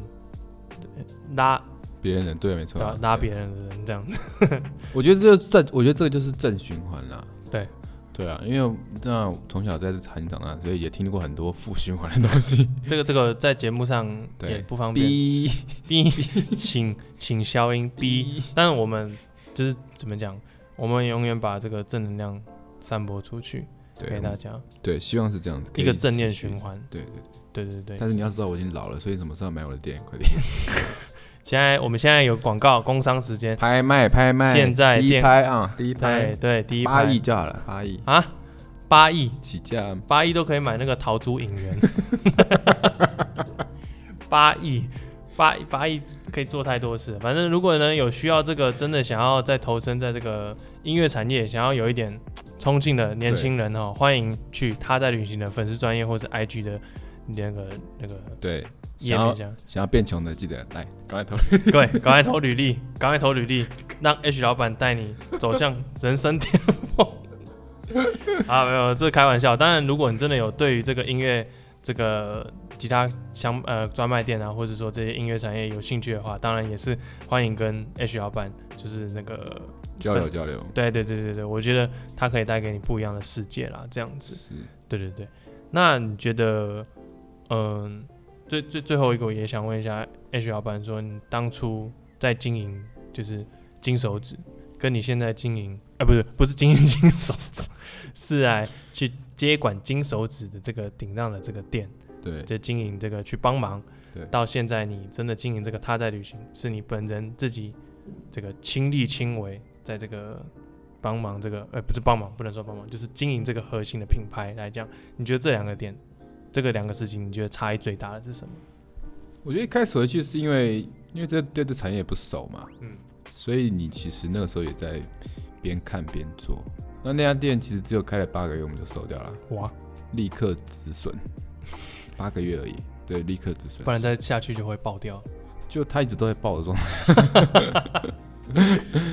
拉。別人的對，沒錯，啊，拿別人的，人對這樣子，我覺得這個我覺得這個就是正循環啦。對，對啊，因為那從小在廠長大，所以也聽過很多負循環的東西。這個這個在節目上對不方便，逼對請請消音逼。但我們就是怎麼講，我們永遠把這個正能量散播出去對給大家。對，希望是這樣子一個正念循環。對對對對對。對對對但是你要知道，我已經老了，所以什麼時候買我的電影快點？ 現在我們現在有廣告，工商時間拍賣拍賣，現在第一拍啊，對第一拍對，對第一拍八億就好了，八億啊，八億起價，八億都可以買那個陶朱隱園，八億八八億可以做太多事。反正如果呢有需要這個，真的想要再投身在這個音樂產業，想要有一點衝勁的年輕人哦，對歡迎去他在旅行的粉絲專頁或者 IG 的那個那個對。想要，想要變窮的，記得來，趕快投，對，趕快投履歷，趕快投履歷， 讓 Ash 老闆帶你走向人生巔峰。啊， 沒有，這開玩笑。當然，如果你真的有對於這個音樂、這個吉他相呃專賣店啊，或者說這些音樂產業有興趣的話，當然也是歡迎跟 Ash 老闆就是那個交流交流。對對對對對，我覺得他可以帶給你不一樣的世界啦，這樣子。是。對對對，那你覺得，嗯、呃？最最最後一個，我也想問一下 Ash 老闆。說你當初在經營就是金手指，跟你現在經營，哎、呃，不是不是經營金手指，是來去接管金手指的這個頂讓的這個店，對，就經營這個去幫忙，對，到現在你真的經營這個他在旅行，是你本人自己這個親力親為，在這個幫忙這個，呃，不是幫忙，不能說幫忙，就是經營這個核心的品牌來講，你覺得這兩個店？這個兩個事情，你覺得差異最大的是什麼？我覺得一開始回去是因為因為這對這產業也不熟嘛，嗯，所以你其實那個時候也在邊看邊做。那那家店其實只有開了八個月，我們就收掉了。哇！立刻止損，八個月而已，對，立刻止損，不然再下去就會爆掉，就它一直都在爆的狀態，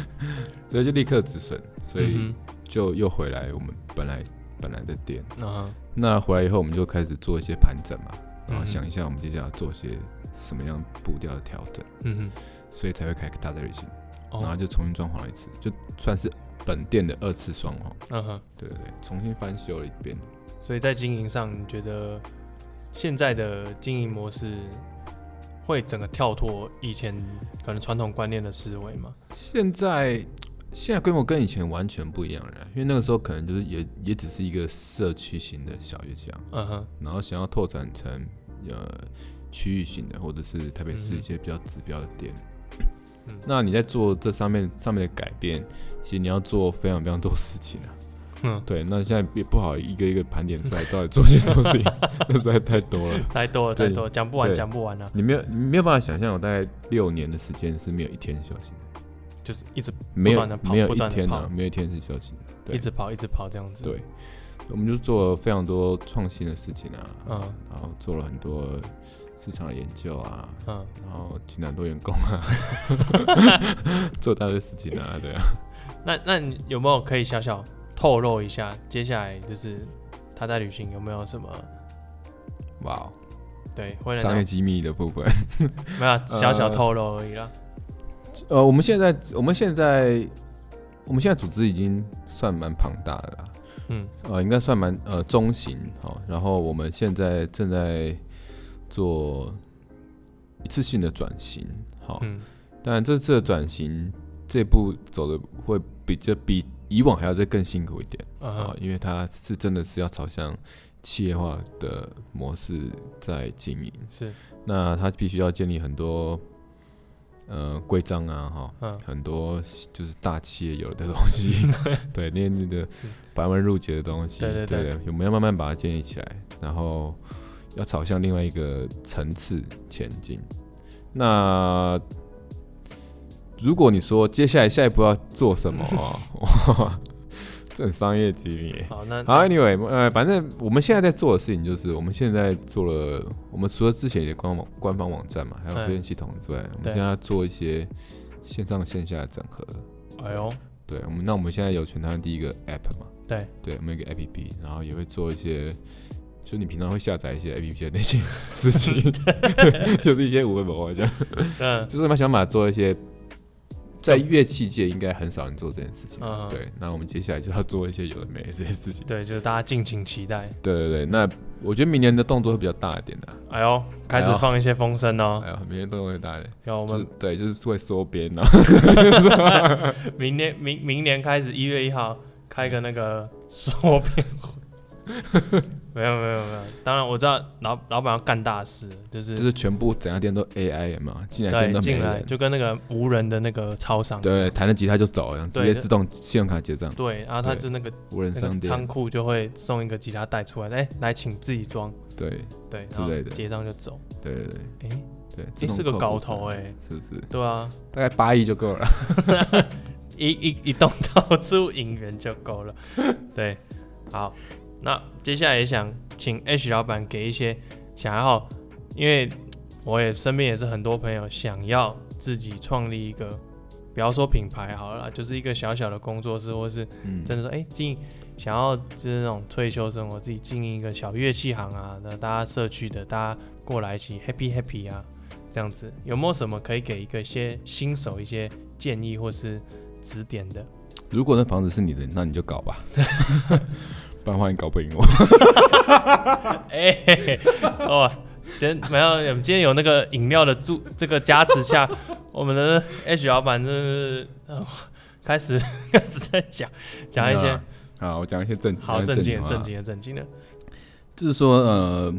所以就立刻止損，所以就又回來我們本來本來的店。嗯那回來以後，我們就開始做一些盤整嘛，然後想一下我們接下來做些什麼樣步調的調整。嗯哼，所以才會開個他在旅行，哦、然後就重新裝潢了一次，就算是本店的二次裝潢。嗯哼，對對對，重新翻修了一遍。所以在經營上，你覺得現在的經營模式會整個跳脫以前可能傳統觀念的思維嗎？現在。現在規模跟以前完全不一樣了，因為那個時候可能就是也也只是一個社區型的小樂器，嗯、哼然後想要拓展成呃區域型的，或者是特別是一些比較指標的店。嗯、哼那你在做這上面上面的改變，其實你要做非常非常多事情啊。嗯，對，那現在也不好一個一個盤點出來到底做些什麼事情， 那實在太多了，太多了，對太多了，講不完，講對不完啊。你沒有，你沒有辦法想象，我大概六年的時間是沒有一天休息的。就是一直沒有沒有一天的沒有一天是休息對，一直跑一直跑這樣子。對，我們就做了非常多創新的事情啊，嗯，然後做了很多市場的研究啊，嗯，然後請很多員工啊，做大的事情啊，對啊。那那你有沒有可以小小透露一下，接下來就是他在旅行有沒有什麼？哇，哦，對，商業機密的部分沒有，小小透露而已啦。呃，我們現在，我們現在，我們現在組織已經算蠻龐大的啦，嗯呃，呃，應該算蠻呃中型好，然後我們現在正在做一次性的轉型好，嗯，但這次的轉型這步走的會比這比以往還要再更辛苦一點啊，嗯哼，因為它是真的是要朝向企業化的模式在經營，是，那它必須要建立很多。呃，規章啊，哈，很多就是大企業有的東西，嗯、對， 那些那個繁文縟節的東西，對有沒我們要慢慢把它建立起來，然後要朝向另外一個層次前進。那如果你說接下來下一步要做什麼，啊？ 很商業機密。好，那好，Anyway，呃，反正我們現在在做的事情就是，我們現在做了，我們除了之前也官網官方網站嘛，還有會員系統之外，嗯、我們現在要做一些線上線下的整合。哎呦，對我們，那我們現在有全台第一個 App 嘛？對，對，我們有個 App，然後也會做一些，就你平常會下載一些 App 的那些事情，就是一些五花八門這樣。 嗯，就是想把它做一些。在樂器界應該很少人做這件事情，嗯、對。那我們接下來就要做一些有的沒的這些事情，對，就是大家敬請期待。對對對，那我覺得明年的動作會比較大一點的。哎呦，開始放一些風聲哦。哎呦，明年動作會大一點。有我們對，就是會縮編呢。明年明明年開始一月一號開個那個縮編。沒有沒有沒有，當然我知道老老闆要幹大事，就是就是全部整家店都 AI 嘛，進來進來就跟那個無人的那個超商，對，彈了吉他就走了，樣，直接自動信用卡結賬。對，然後他就那個無人商店倉庫就會送一個吉他袋出來，哎來請自己裝，對對之類的結賬就走，對對哎對，這是個搞頭哎，是不是？對啊，大概八億就夠了，一一一棟投出銀元就夠了，對好。那接下來也想請 Ash 老闆給一些想要，因為我也身邊也是很多朋友想要自己創立一個，不要說品牌好了，就是一個小小的工作室，或是真的說，哎、嗯欸，進想要就是那種退休生活，自己經營一個小樂器行啊。那大家社區的，大家過來一起 happy happy 啊，這樣子有沒有什麼可以給一個些新手一些建議或是指點的？如果那房子是你的，那你就搞吧。 歡迎搞不贏我！哎，哦，今天沒有今天有那個飲料的助這個加持下，我們的 Ash 老闆就是、哦、開始開始在講講一些、嗯啊，好，我講一,一些正經，好正經，很正經的正經的，就是說，呃，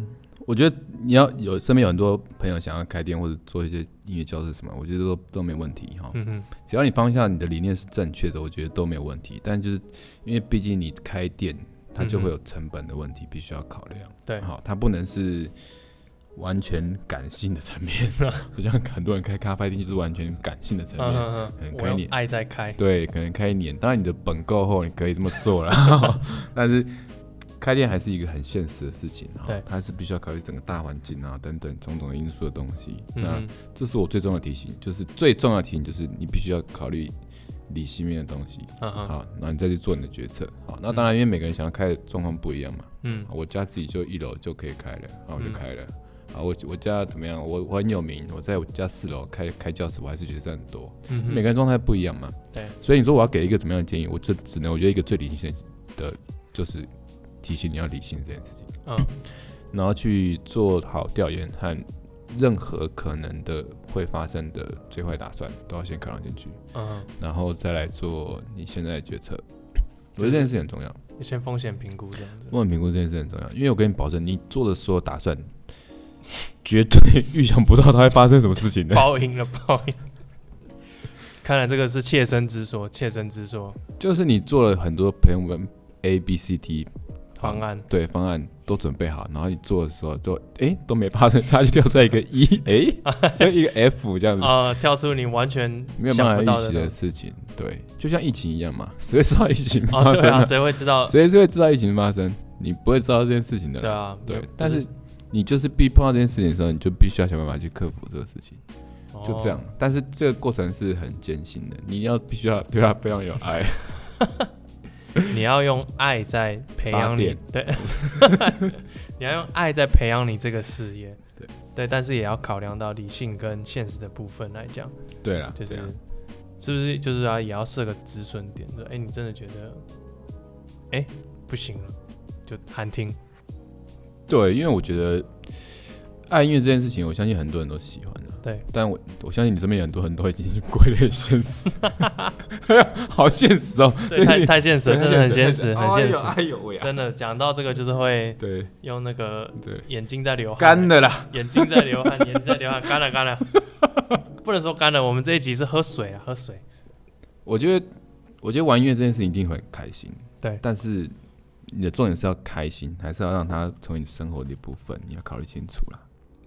我覺得你要有身邊有很多朋友想要開店或者做一些音樂教室什麼，我覺得都都沒問題哈，嗯哼，只要你方向、你的理念是正確的，我覺得都沒有問題。但就是因為畢竟你開店。它就會有成本的問題，嗯嗯，必須要考量。對，好，它不能是完全感性的層面，不 像很多人開咖啡店就是完全感性的層面，開一年愛再開，對，可能開一年。當然你的本夠厚，你可以這麼做了。 但是開店還是一個很現實的事情，對，它是必須要考慮整個大環境啊等等種種的因素的東西。嗯嗯，那這是我最重要的提醒，就是最重要的提醒就是你必須要考慮。理性面的東西，嗯嗯，好，那你再去做你的決策。好，那當然，因為每個人想要開的狀況不一樣嘛。嗯，我家自己就一樓就可以開了，然後我就開了。啊，我我家怎麼樣？我我很有名，我在我家四樓開開教室，我還是學生很多。嗯哼，每個人狀態不一樣嘛。對，所以你說我要給一個怎麼樣的建議？我就只能我覺得一個最理性的，就是提醒你要理性這件事情。嗯，然後去做好調研和。任何可能的會發生的最壞打算，都要先考量進去，嗯、uh-huh. 然後再來做你現在的決策。我覺得這件事很重要，你先風險評估這樣子。風險評估這件事很重要，因為我跟你保證，你做的所有打算，絕對預想不到它會發生什麼事情的。報應了，報應。 看來這個是切身之說，切身之說。就是你做了很多朋友們 A、B、C、D。方案對方案都準備好，然後你做的時候都，就、欸、哎都沒發生，它就跳出來一個 E，哎，就一個 F 這樣子啊 呃，跳出你完全沒有辦法預習的事情。對，就像疫情一樣嘛，誰會知道疫情發生？誰、哦啊、會知道？誰會知道疫情發生？你不會知道這件事情的，對啊，對。是但是你就是必碰到這件事情的時候，你就必須要想辦法去克服這個事情，就這樣。哦、但是這個過程是很艱辛的，你要必須要對他非常有愛。 你要用愛在培養你，點對， 你要用愛在培養你這個事業，對對，但是也要考量到理性跟現實的部分來講，對啊啦，就是這樣對是不是，就是啊，也要設個止損點，說哎，你真的覺得哎、欸、不行了，就喊停。對，因為我覺得愛音樂這件事情，我相信很多人都喜歡。對，但我我相信你身邊有很多很多已經是歸類現實，好現實哦，太太現實，很現實，很現實，真的講到這個就是會對用那個對眼睛在流汗乾的啦，眼睛在流汗，眼睛在流汗乾了乾了，不能說乾了，我們這一集是喝水啊喝水。我覺得，我覺得玩音樂這件事一定會開心，對，但是你的重點是要開心，還是要讓它成為你生活的一部分，你要考慮清楚了。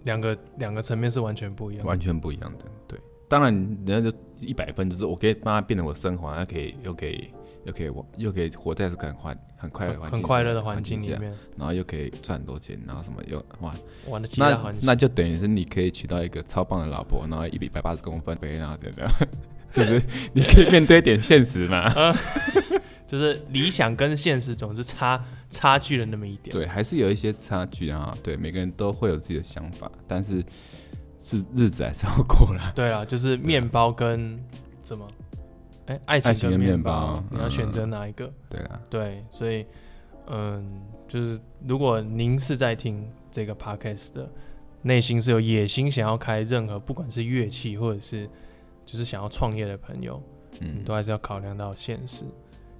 兩個兩個層面是完全不一樣的，完全不一樣的，對。當然，人家就一百分，就是我可以幫他變得我生活他可以又可以又可以我又可以活在這個很快很快樂的環境很快樂的環境裡面環境下，然後又可以賺很多錢，然後什麼又哇，玩得那那就等於是你可以娶到一個超棒的老婆，然後一百八十公分，對，然後怎樣，樣？ 就是你可以面對一點現實嘛。 嗯就是理想跟現實總是差差距了那麼一點，對，還是有一些差距啊。對，每個人都會有自己的想法，但是是日子還是要過了。對啊，就是面包跟什對麼、欸？愛情跟面包，包嗯嗯你要選擇哪一個？對啊啦，對，所以嗯，就是如果您是在聽這個 podcast 的，內心是有野心想要開任何不管是樂器或者是就是想要創業的朋友，嗯，都還是要考量到現實。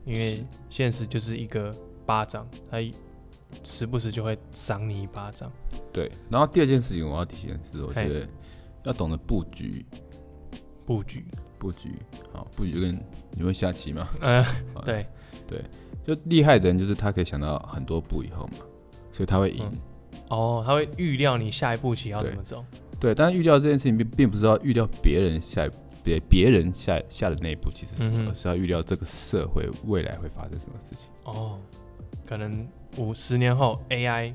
因為現實就是一個巴掌，他時不時就會賞你一巴掌。對，然後第二件事情我要提醒是，我覺得要懂得布局，布局，布局。好，布局就跟你，你們會下棋嗎？嗯、呃，了對，對，就厲害的人就是他可以想到很多步以後嘛，所以他會贏、嗯。哦，他會預料你下一步棋要怎麼走？對，對，但是預料這件事情並並不是要預料別人下一步。別人下下的那一步其實是什麼的，而、嗯、哼是要預料這個社會未來會發生什麼事情哦。Oh, 可能五十年後 AI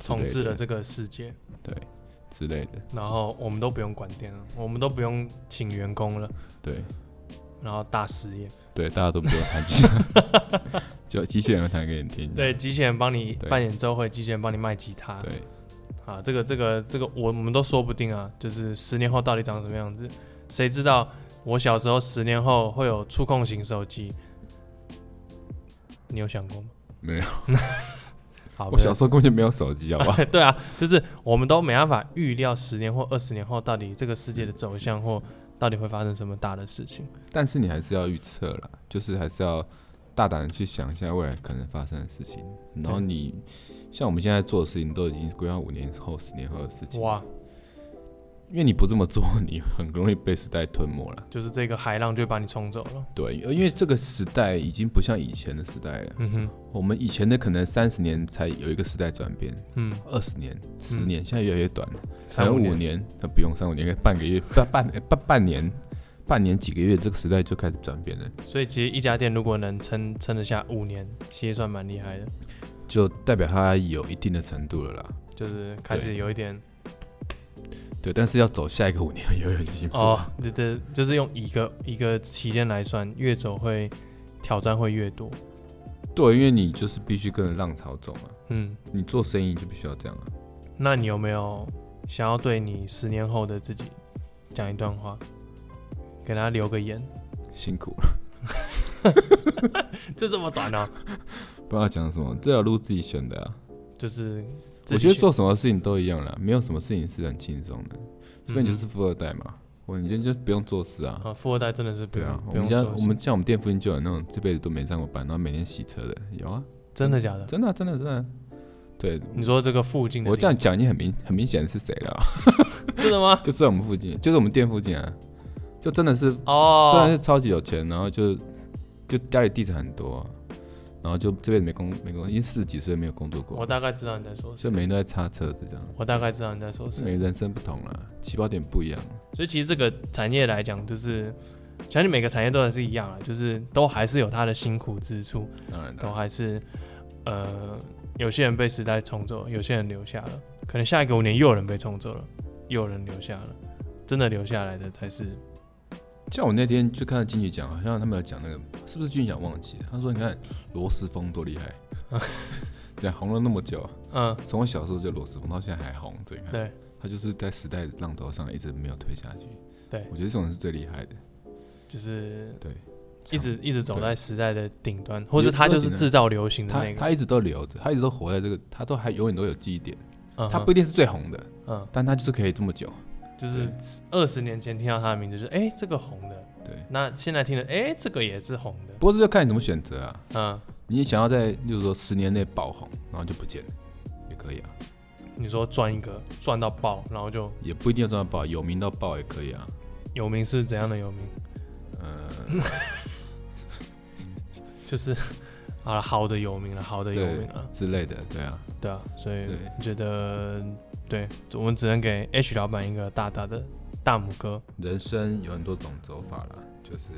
統治了這個世界，對之類的。然後我們都不用管店了，我們都不用請員工了，對。然後大失業，對，大家都不用彈吉他 就機器人彈給你聽。 對，機器人幫你辦演奏會，機對器人幫你賣吉他，對。啊，這個這個這個，我、這個、我們都說不定啊，就是十年後到底長什麼樣子。誰知道我小時候十年後會有觸控型手機？你有想過嗎？沒有。 好，我小時候根本就沒有手機，好吧？ 對啊，就是我們都沒辦法預料十年或二十年後到底這個世界的走向或到底會發生什麼大的事情。但是你還是要預測了，就是還是要大膽的去想一下未來可能發生的事情。然後你對像我們現在做的事情，都已經規劃五年後、十年後的事情。哇。因為你不這麼做，你很容易被時代吞沒了。就是這個海浪就會把你沖走了。對，因為這個時代已經不像以前的時代了。嗯哼，我們以前的可能三十年才有一個時代轉變。嗯，二十年、十年，嗯、現在越來越短，三五年。那不用三五年，應該半個月、 半半、欸、半年、半年幾個月，這個時代就開始轉變了。所以，其實一家店如果能撐撐得下五年，其實算蠻厲害的。就代表它有一定的程度了啦。就是開始有一點。對，但是要走下一個五年也會有機會，有點辛苦哦。對，對，就是用一個一個期間來算，越走會挑戰會越多。對，因為你就是必須跟着浪潮走嘛。嗯，你做生意就必須要這樣了、啊。那你有沒有想要對你十年後的自己講一段話，嗯、給大家留個言？辛苦了， 這這麼短呢、啊？ 不知道講什麼，這條路自己選的啊。就是。我覺得做什麼事情都一樣啦，沒有什麼事情是很輕鬆的。所以你就是富二代嘛，嗯、我你你就，就不用做事啊，啊。富二代真的是不用。對啊，我們家我們像我們店附近就有那種這輩子都沒上過班，然後每天洗車的有啊。真的假的？真的真的真的。對。你說這個附近的，我這樣講你很明很明顯是誰了。 真的嗎？就在我們附近，就是我們店附近啊，就真的是哦，真的，oh. 是超級有錢，然後就就家裡地產很多。然後就這輩子沒工沒工作，因為四十幾歲沒有工作過。我大概知道你在說什麼，就每天都在擦車子這樣。我大概知道你在說什麼，是每個人生不同了，起跑點不一樣。所以其實這個產業來講，就是其實你每個產業都還是一樣啊，就是都還是有它的辛苦之處。當然，都還是，呃，有些人被時代沖走，有些人留下了。可能下一個五年又有人被沖走了，又有人留下了。真的留下來的才是。像我那天就看到金曲獎，好像他們有講那個，是不是金曲獎忘記了？他說：“你看羅斯風多厲害，對、嗯，紅了那麼久嗯，從我小時候就羅斯風到現在還紅，這看對，他就是在時代的浪頭上一直沒有退下去。對，我覺得這種人是最厲害的，就是對，一直一直走在時代的頂端，對或者他就是制造流行的那個他，他一直都留着，他一直都活在這個，他都還永遠都有記憶點。嗯哼，他不一定是最紅的，嗯，但他就是可以這麼久。就是二十年前聽到他的名字，就是哎、欸、這個紅的，對。那現在聽的，哎、欸、這個也是紅的。不過這就看你怎麼選擇啊。嗯，你想要在就是說十年內爆紅，然後就不見了，也可以啊。你說賺一個賺到爆，然後就也不一定要賺到爆，有名到爆也可以啊。有名是怎樣的有名？嗯、 就是啊好的有名了，好的有名了之類的，對啊，對啊，所以對你覺得。對，我們只能給 Ash 老闆一個大大的大拇哥。人生有很多種走法了，就是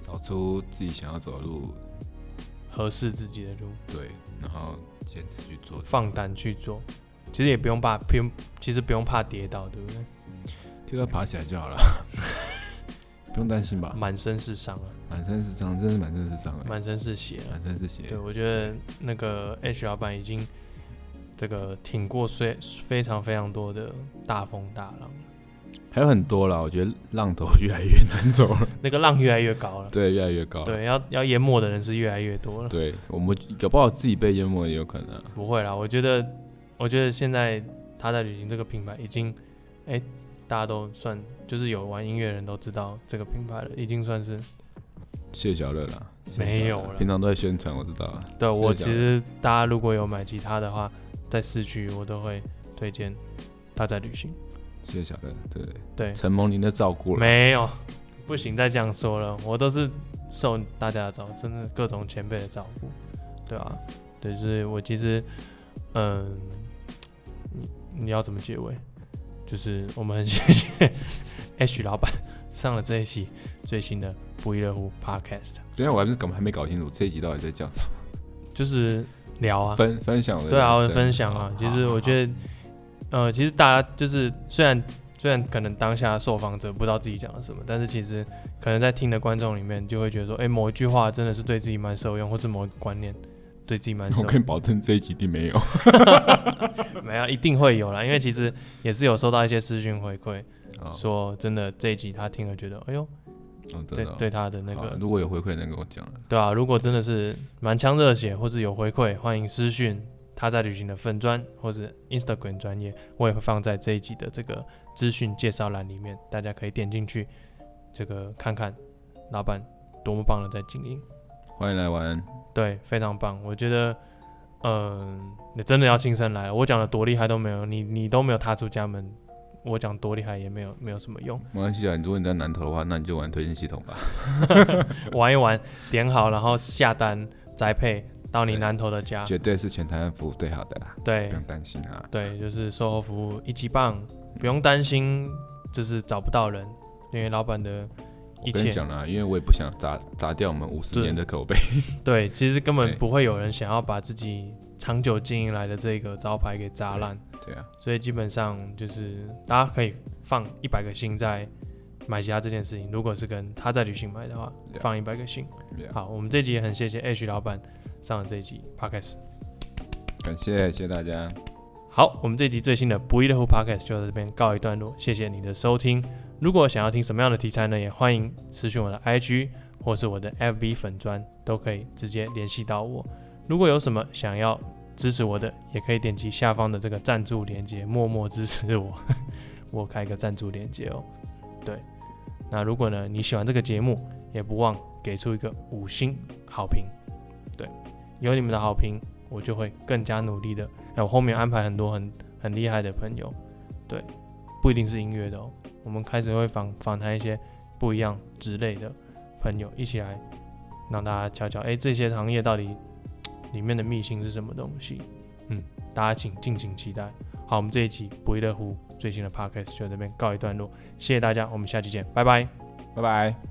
找出自己想要走的路，合適自己的路。對，然後堅持去做，放膽去做。其實也不用怕，不用，其實不用怕跌倒，對不對？跌倒爬起來就好了， 不用擔心吧？滿身是傷啊！滿身是傷，真的滿身是傷啊、欸！滿身是血了，滿身是血。對，我覺得那個 Ash 老板已經。這個挺過非非常非常多的大風大浪，還有很多啦。我覺得浪頭越來越難走了， 那個浪越來越高了，對，越來越高了。對，要要淹沒的人是越來越多了對。對，我們搞不好自己被淹沒也有可能、啊。不會啦，我覺得，我覺得現在他在旅行這個品牌已經，欸、大家都算就是有玩音樂的人都知道這個品牌了，已經算是謝小樂了，沒有了謝謝謝謝。平常都在宣傳，我知道了。謝謝對，我其實，大家如果有買吉他的話。在市區，我都會推薦他在旅行。謝謝小樂，對對，對，承蒙您的照顧了。沒有，不行，再這樣說了，我都是受大家的照顧，真的各種前輩的照顧，對啊，對，所、就、以、是、我其實，嗯你，你要怎麼結尾？就是我們很謝謝 Ash、 欸、老闆上了這一期最新的不亦樂乎 Podcast。對啊，我還是搞還沒搞清楚這一集到底在講什麼，就是。聊啊分，分分享對啊，分享啊。好其實我覺得，呃，其實大家就是雖然雖然可能當下受訪者不知道自己講了什麼，但是其實可能在聽的觀眾裡面，就會覺得說，誒，某一句話真的是對自己蠻受用，或是某一個觀念對自己蠻受用。我可以保證這一集一定沒有， 啊、沒有、啊，一定會有啦，因為其實也是有收到一些私訊回饋，說好真的這一集他聽了覺得，哎呦。哦哦、對對他的那個，如果有回饋，能給我講對啊，如果真的是滿腔熱血，或者有回饋，歡迎私訊他在旅行的粉專，或者 Instagram 專業，我也會放在這一集的這個資訊介紹欄裡面，大家可以點進去這個看看老闆多麼棒的在經營。歡迎來玩，對，非常棒。我覺得，嗯、呃，你真的要親身來，我講的多厲害都沒有，你你都沒有踏出家門。我講多厲害也沒有沒有什麼用，沒關係啊。如果你在南投的話，那你就玩推薦系統吧， 玩一玩，點好然後下單宅配到你南投的家，對絕對是全台灣服務最好的啦，啊。對，不用擔心啊。對，就是售後服務一級棒，不用擔心就是找不到人，因為老闆的一切。我跟你講、啊、因為我也不想砸砸掉我們五十年的口碑。對，其實根本不會有人想要把自己。長久經營來的這個招牌給砸爛。對，對啊，所以基本上就是大家可以放一百個心在買吉他這件事情。如果是跟他在旅行買的話，yeah, 放一百個心。Yeah. 好，我們這集也很謝謝 Ash 老闆上了這一集 Podcast，感謝，謝謝大家。好，我們這集最新的不亦樂乎 Podcast 就到這邊告一段落，謝謝你的收聽。如果想要聽什麼樣的題材呢，也歡迎私訊我的 IG 或是我的 FB 粉專，都可以直接聯繫到我。如果有什麼想要支持我的，也可以點擊下方的這個贊助鏈接，默默支持我。 我開個贊助鏈接哦。對，那如果呢，你喜歡這個節目，也不忘給出一個五星好評。對，有你們的好評，我就會更加努力的。還有、哎、我後面安排很多很很厲害的朋友。對，不一定是音樂的哦，我們開始會訪訪談一些不一樣之類的朋友，一起來讓大家瞧瞧，哎、欸，這些行業到底，裡面的秘辛是什麼東西？嗯，大家請敬請期待。好，我們這一集不亦樂乎，最新的 podcast 就在這邊告一段落。謝謝大家，我們下期見，拜拜，拜拜。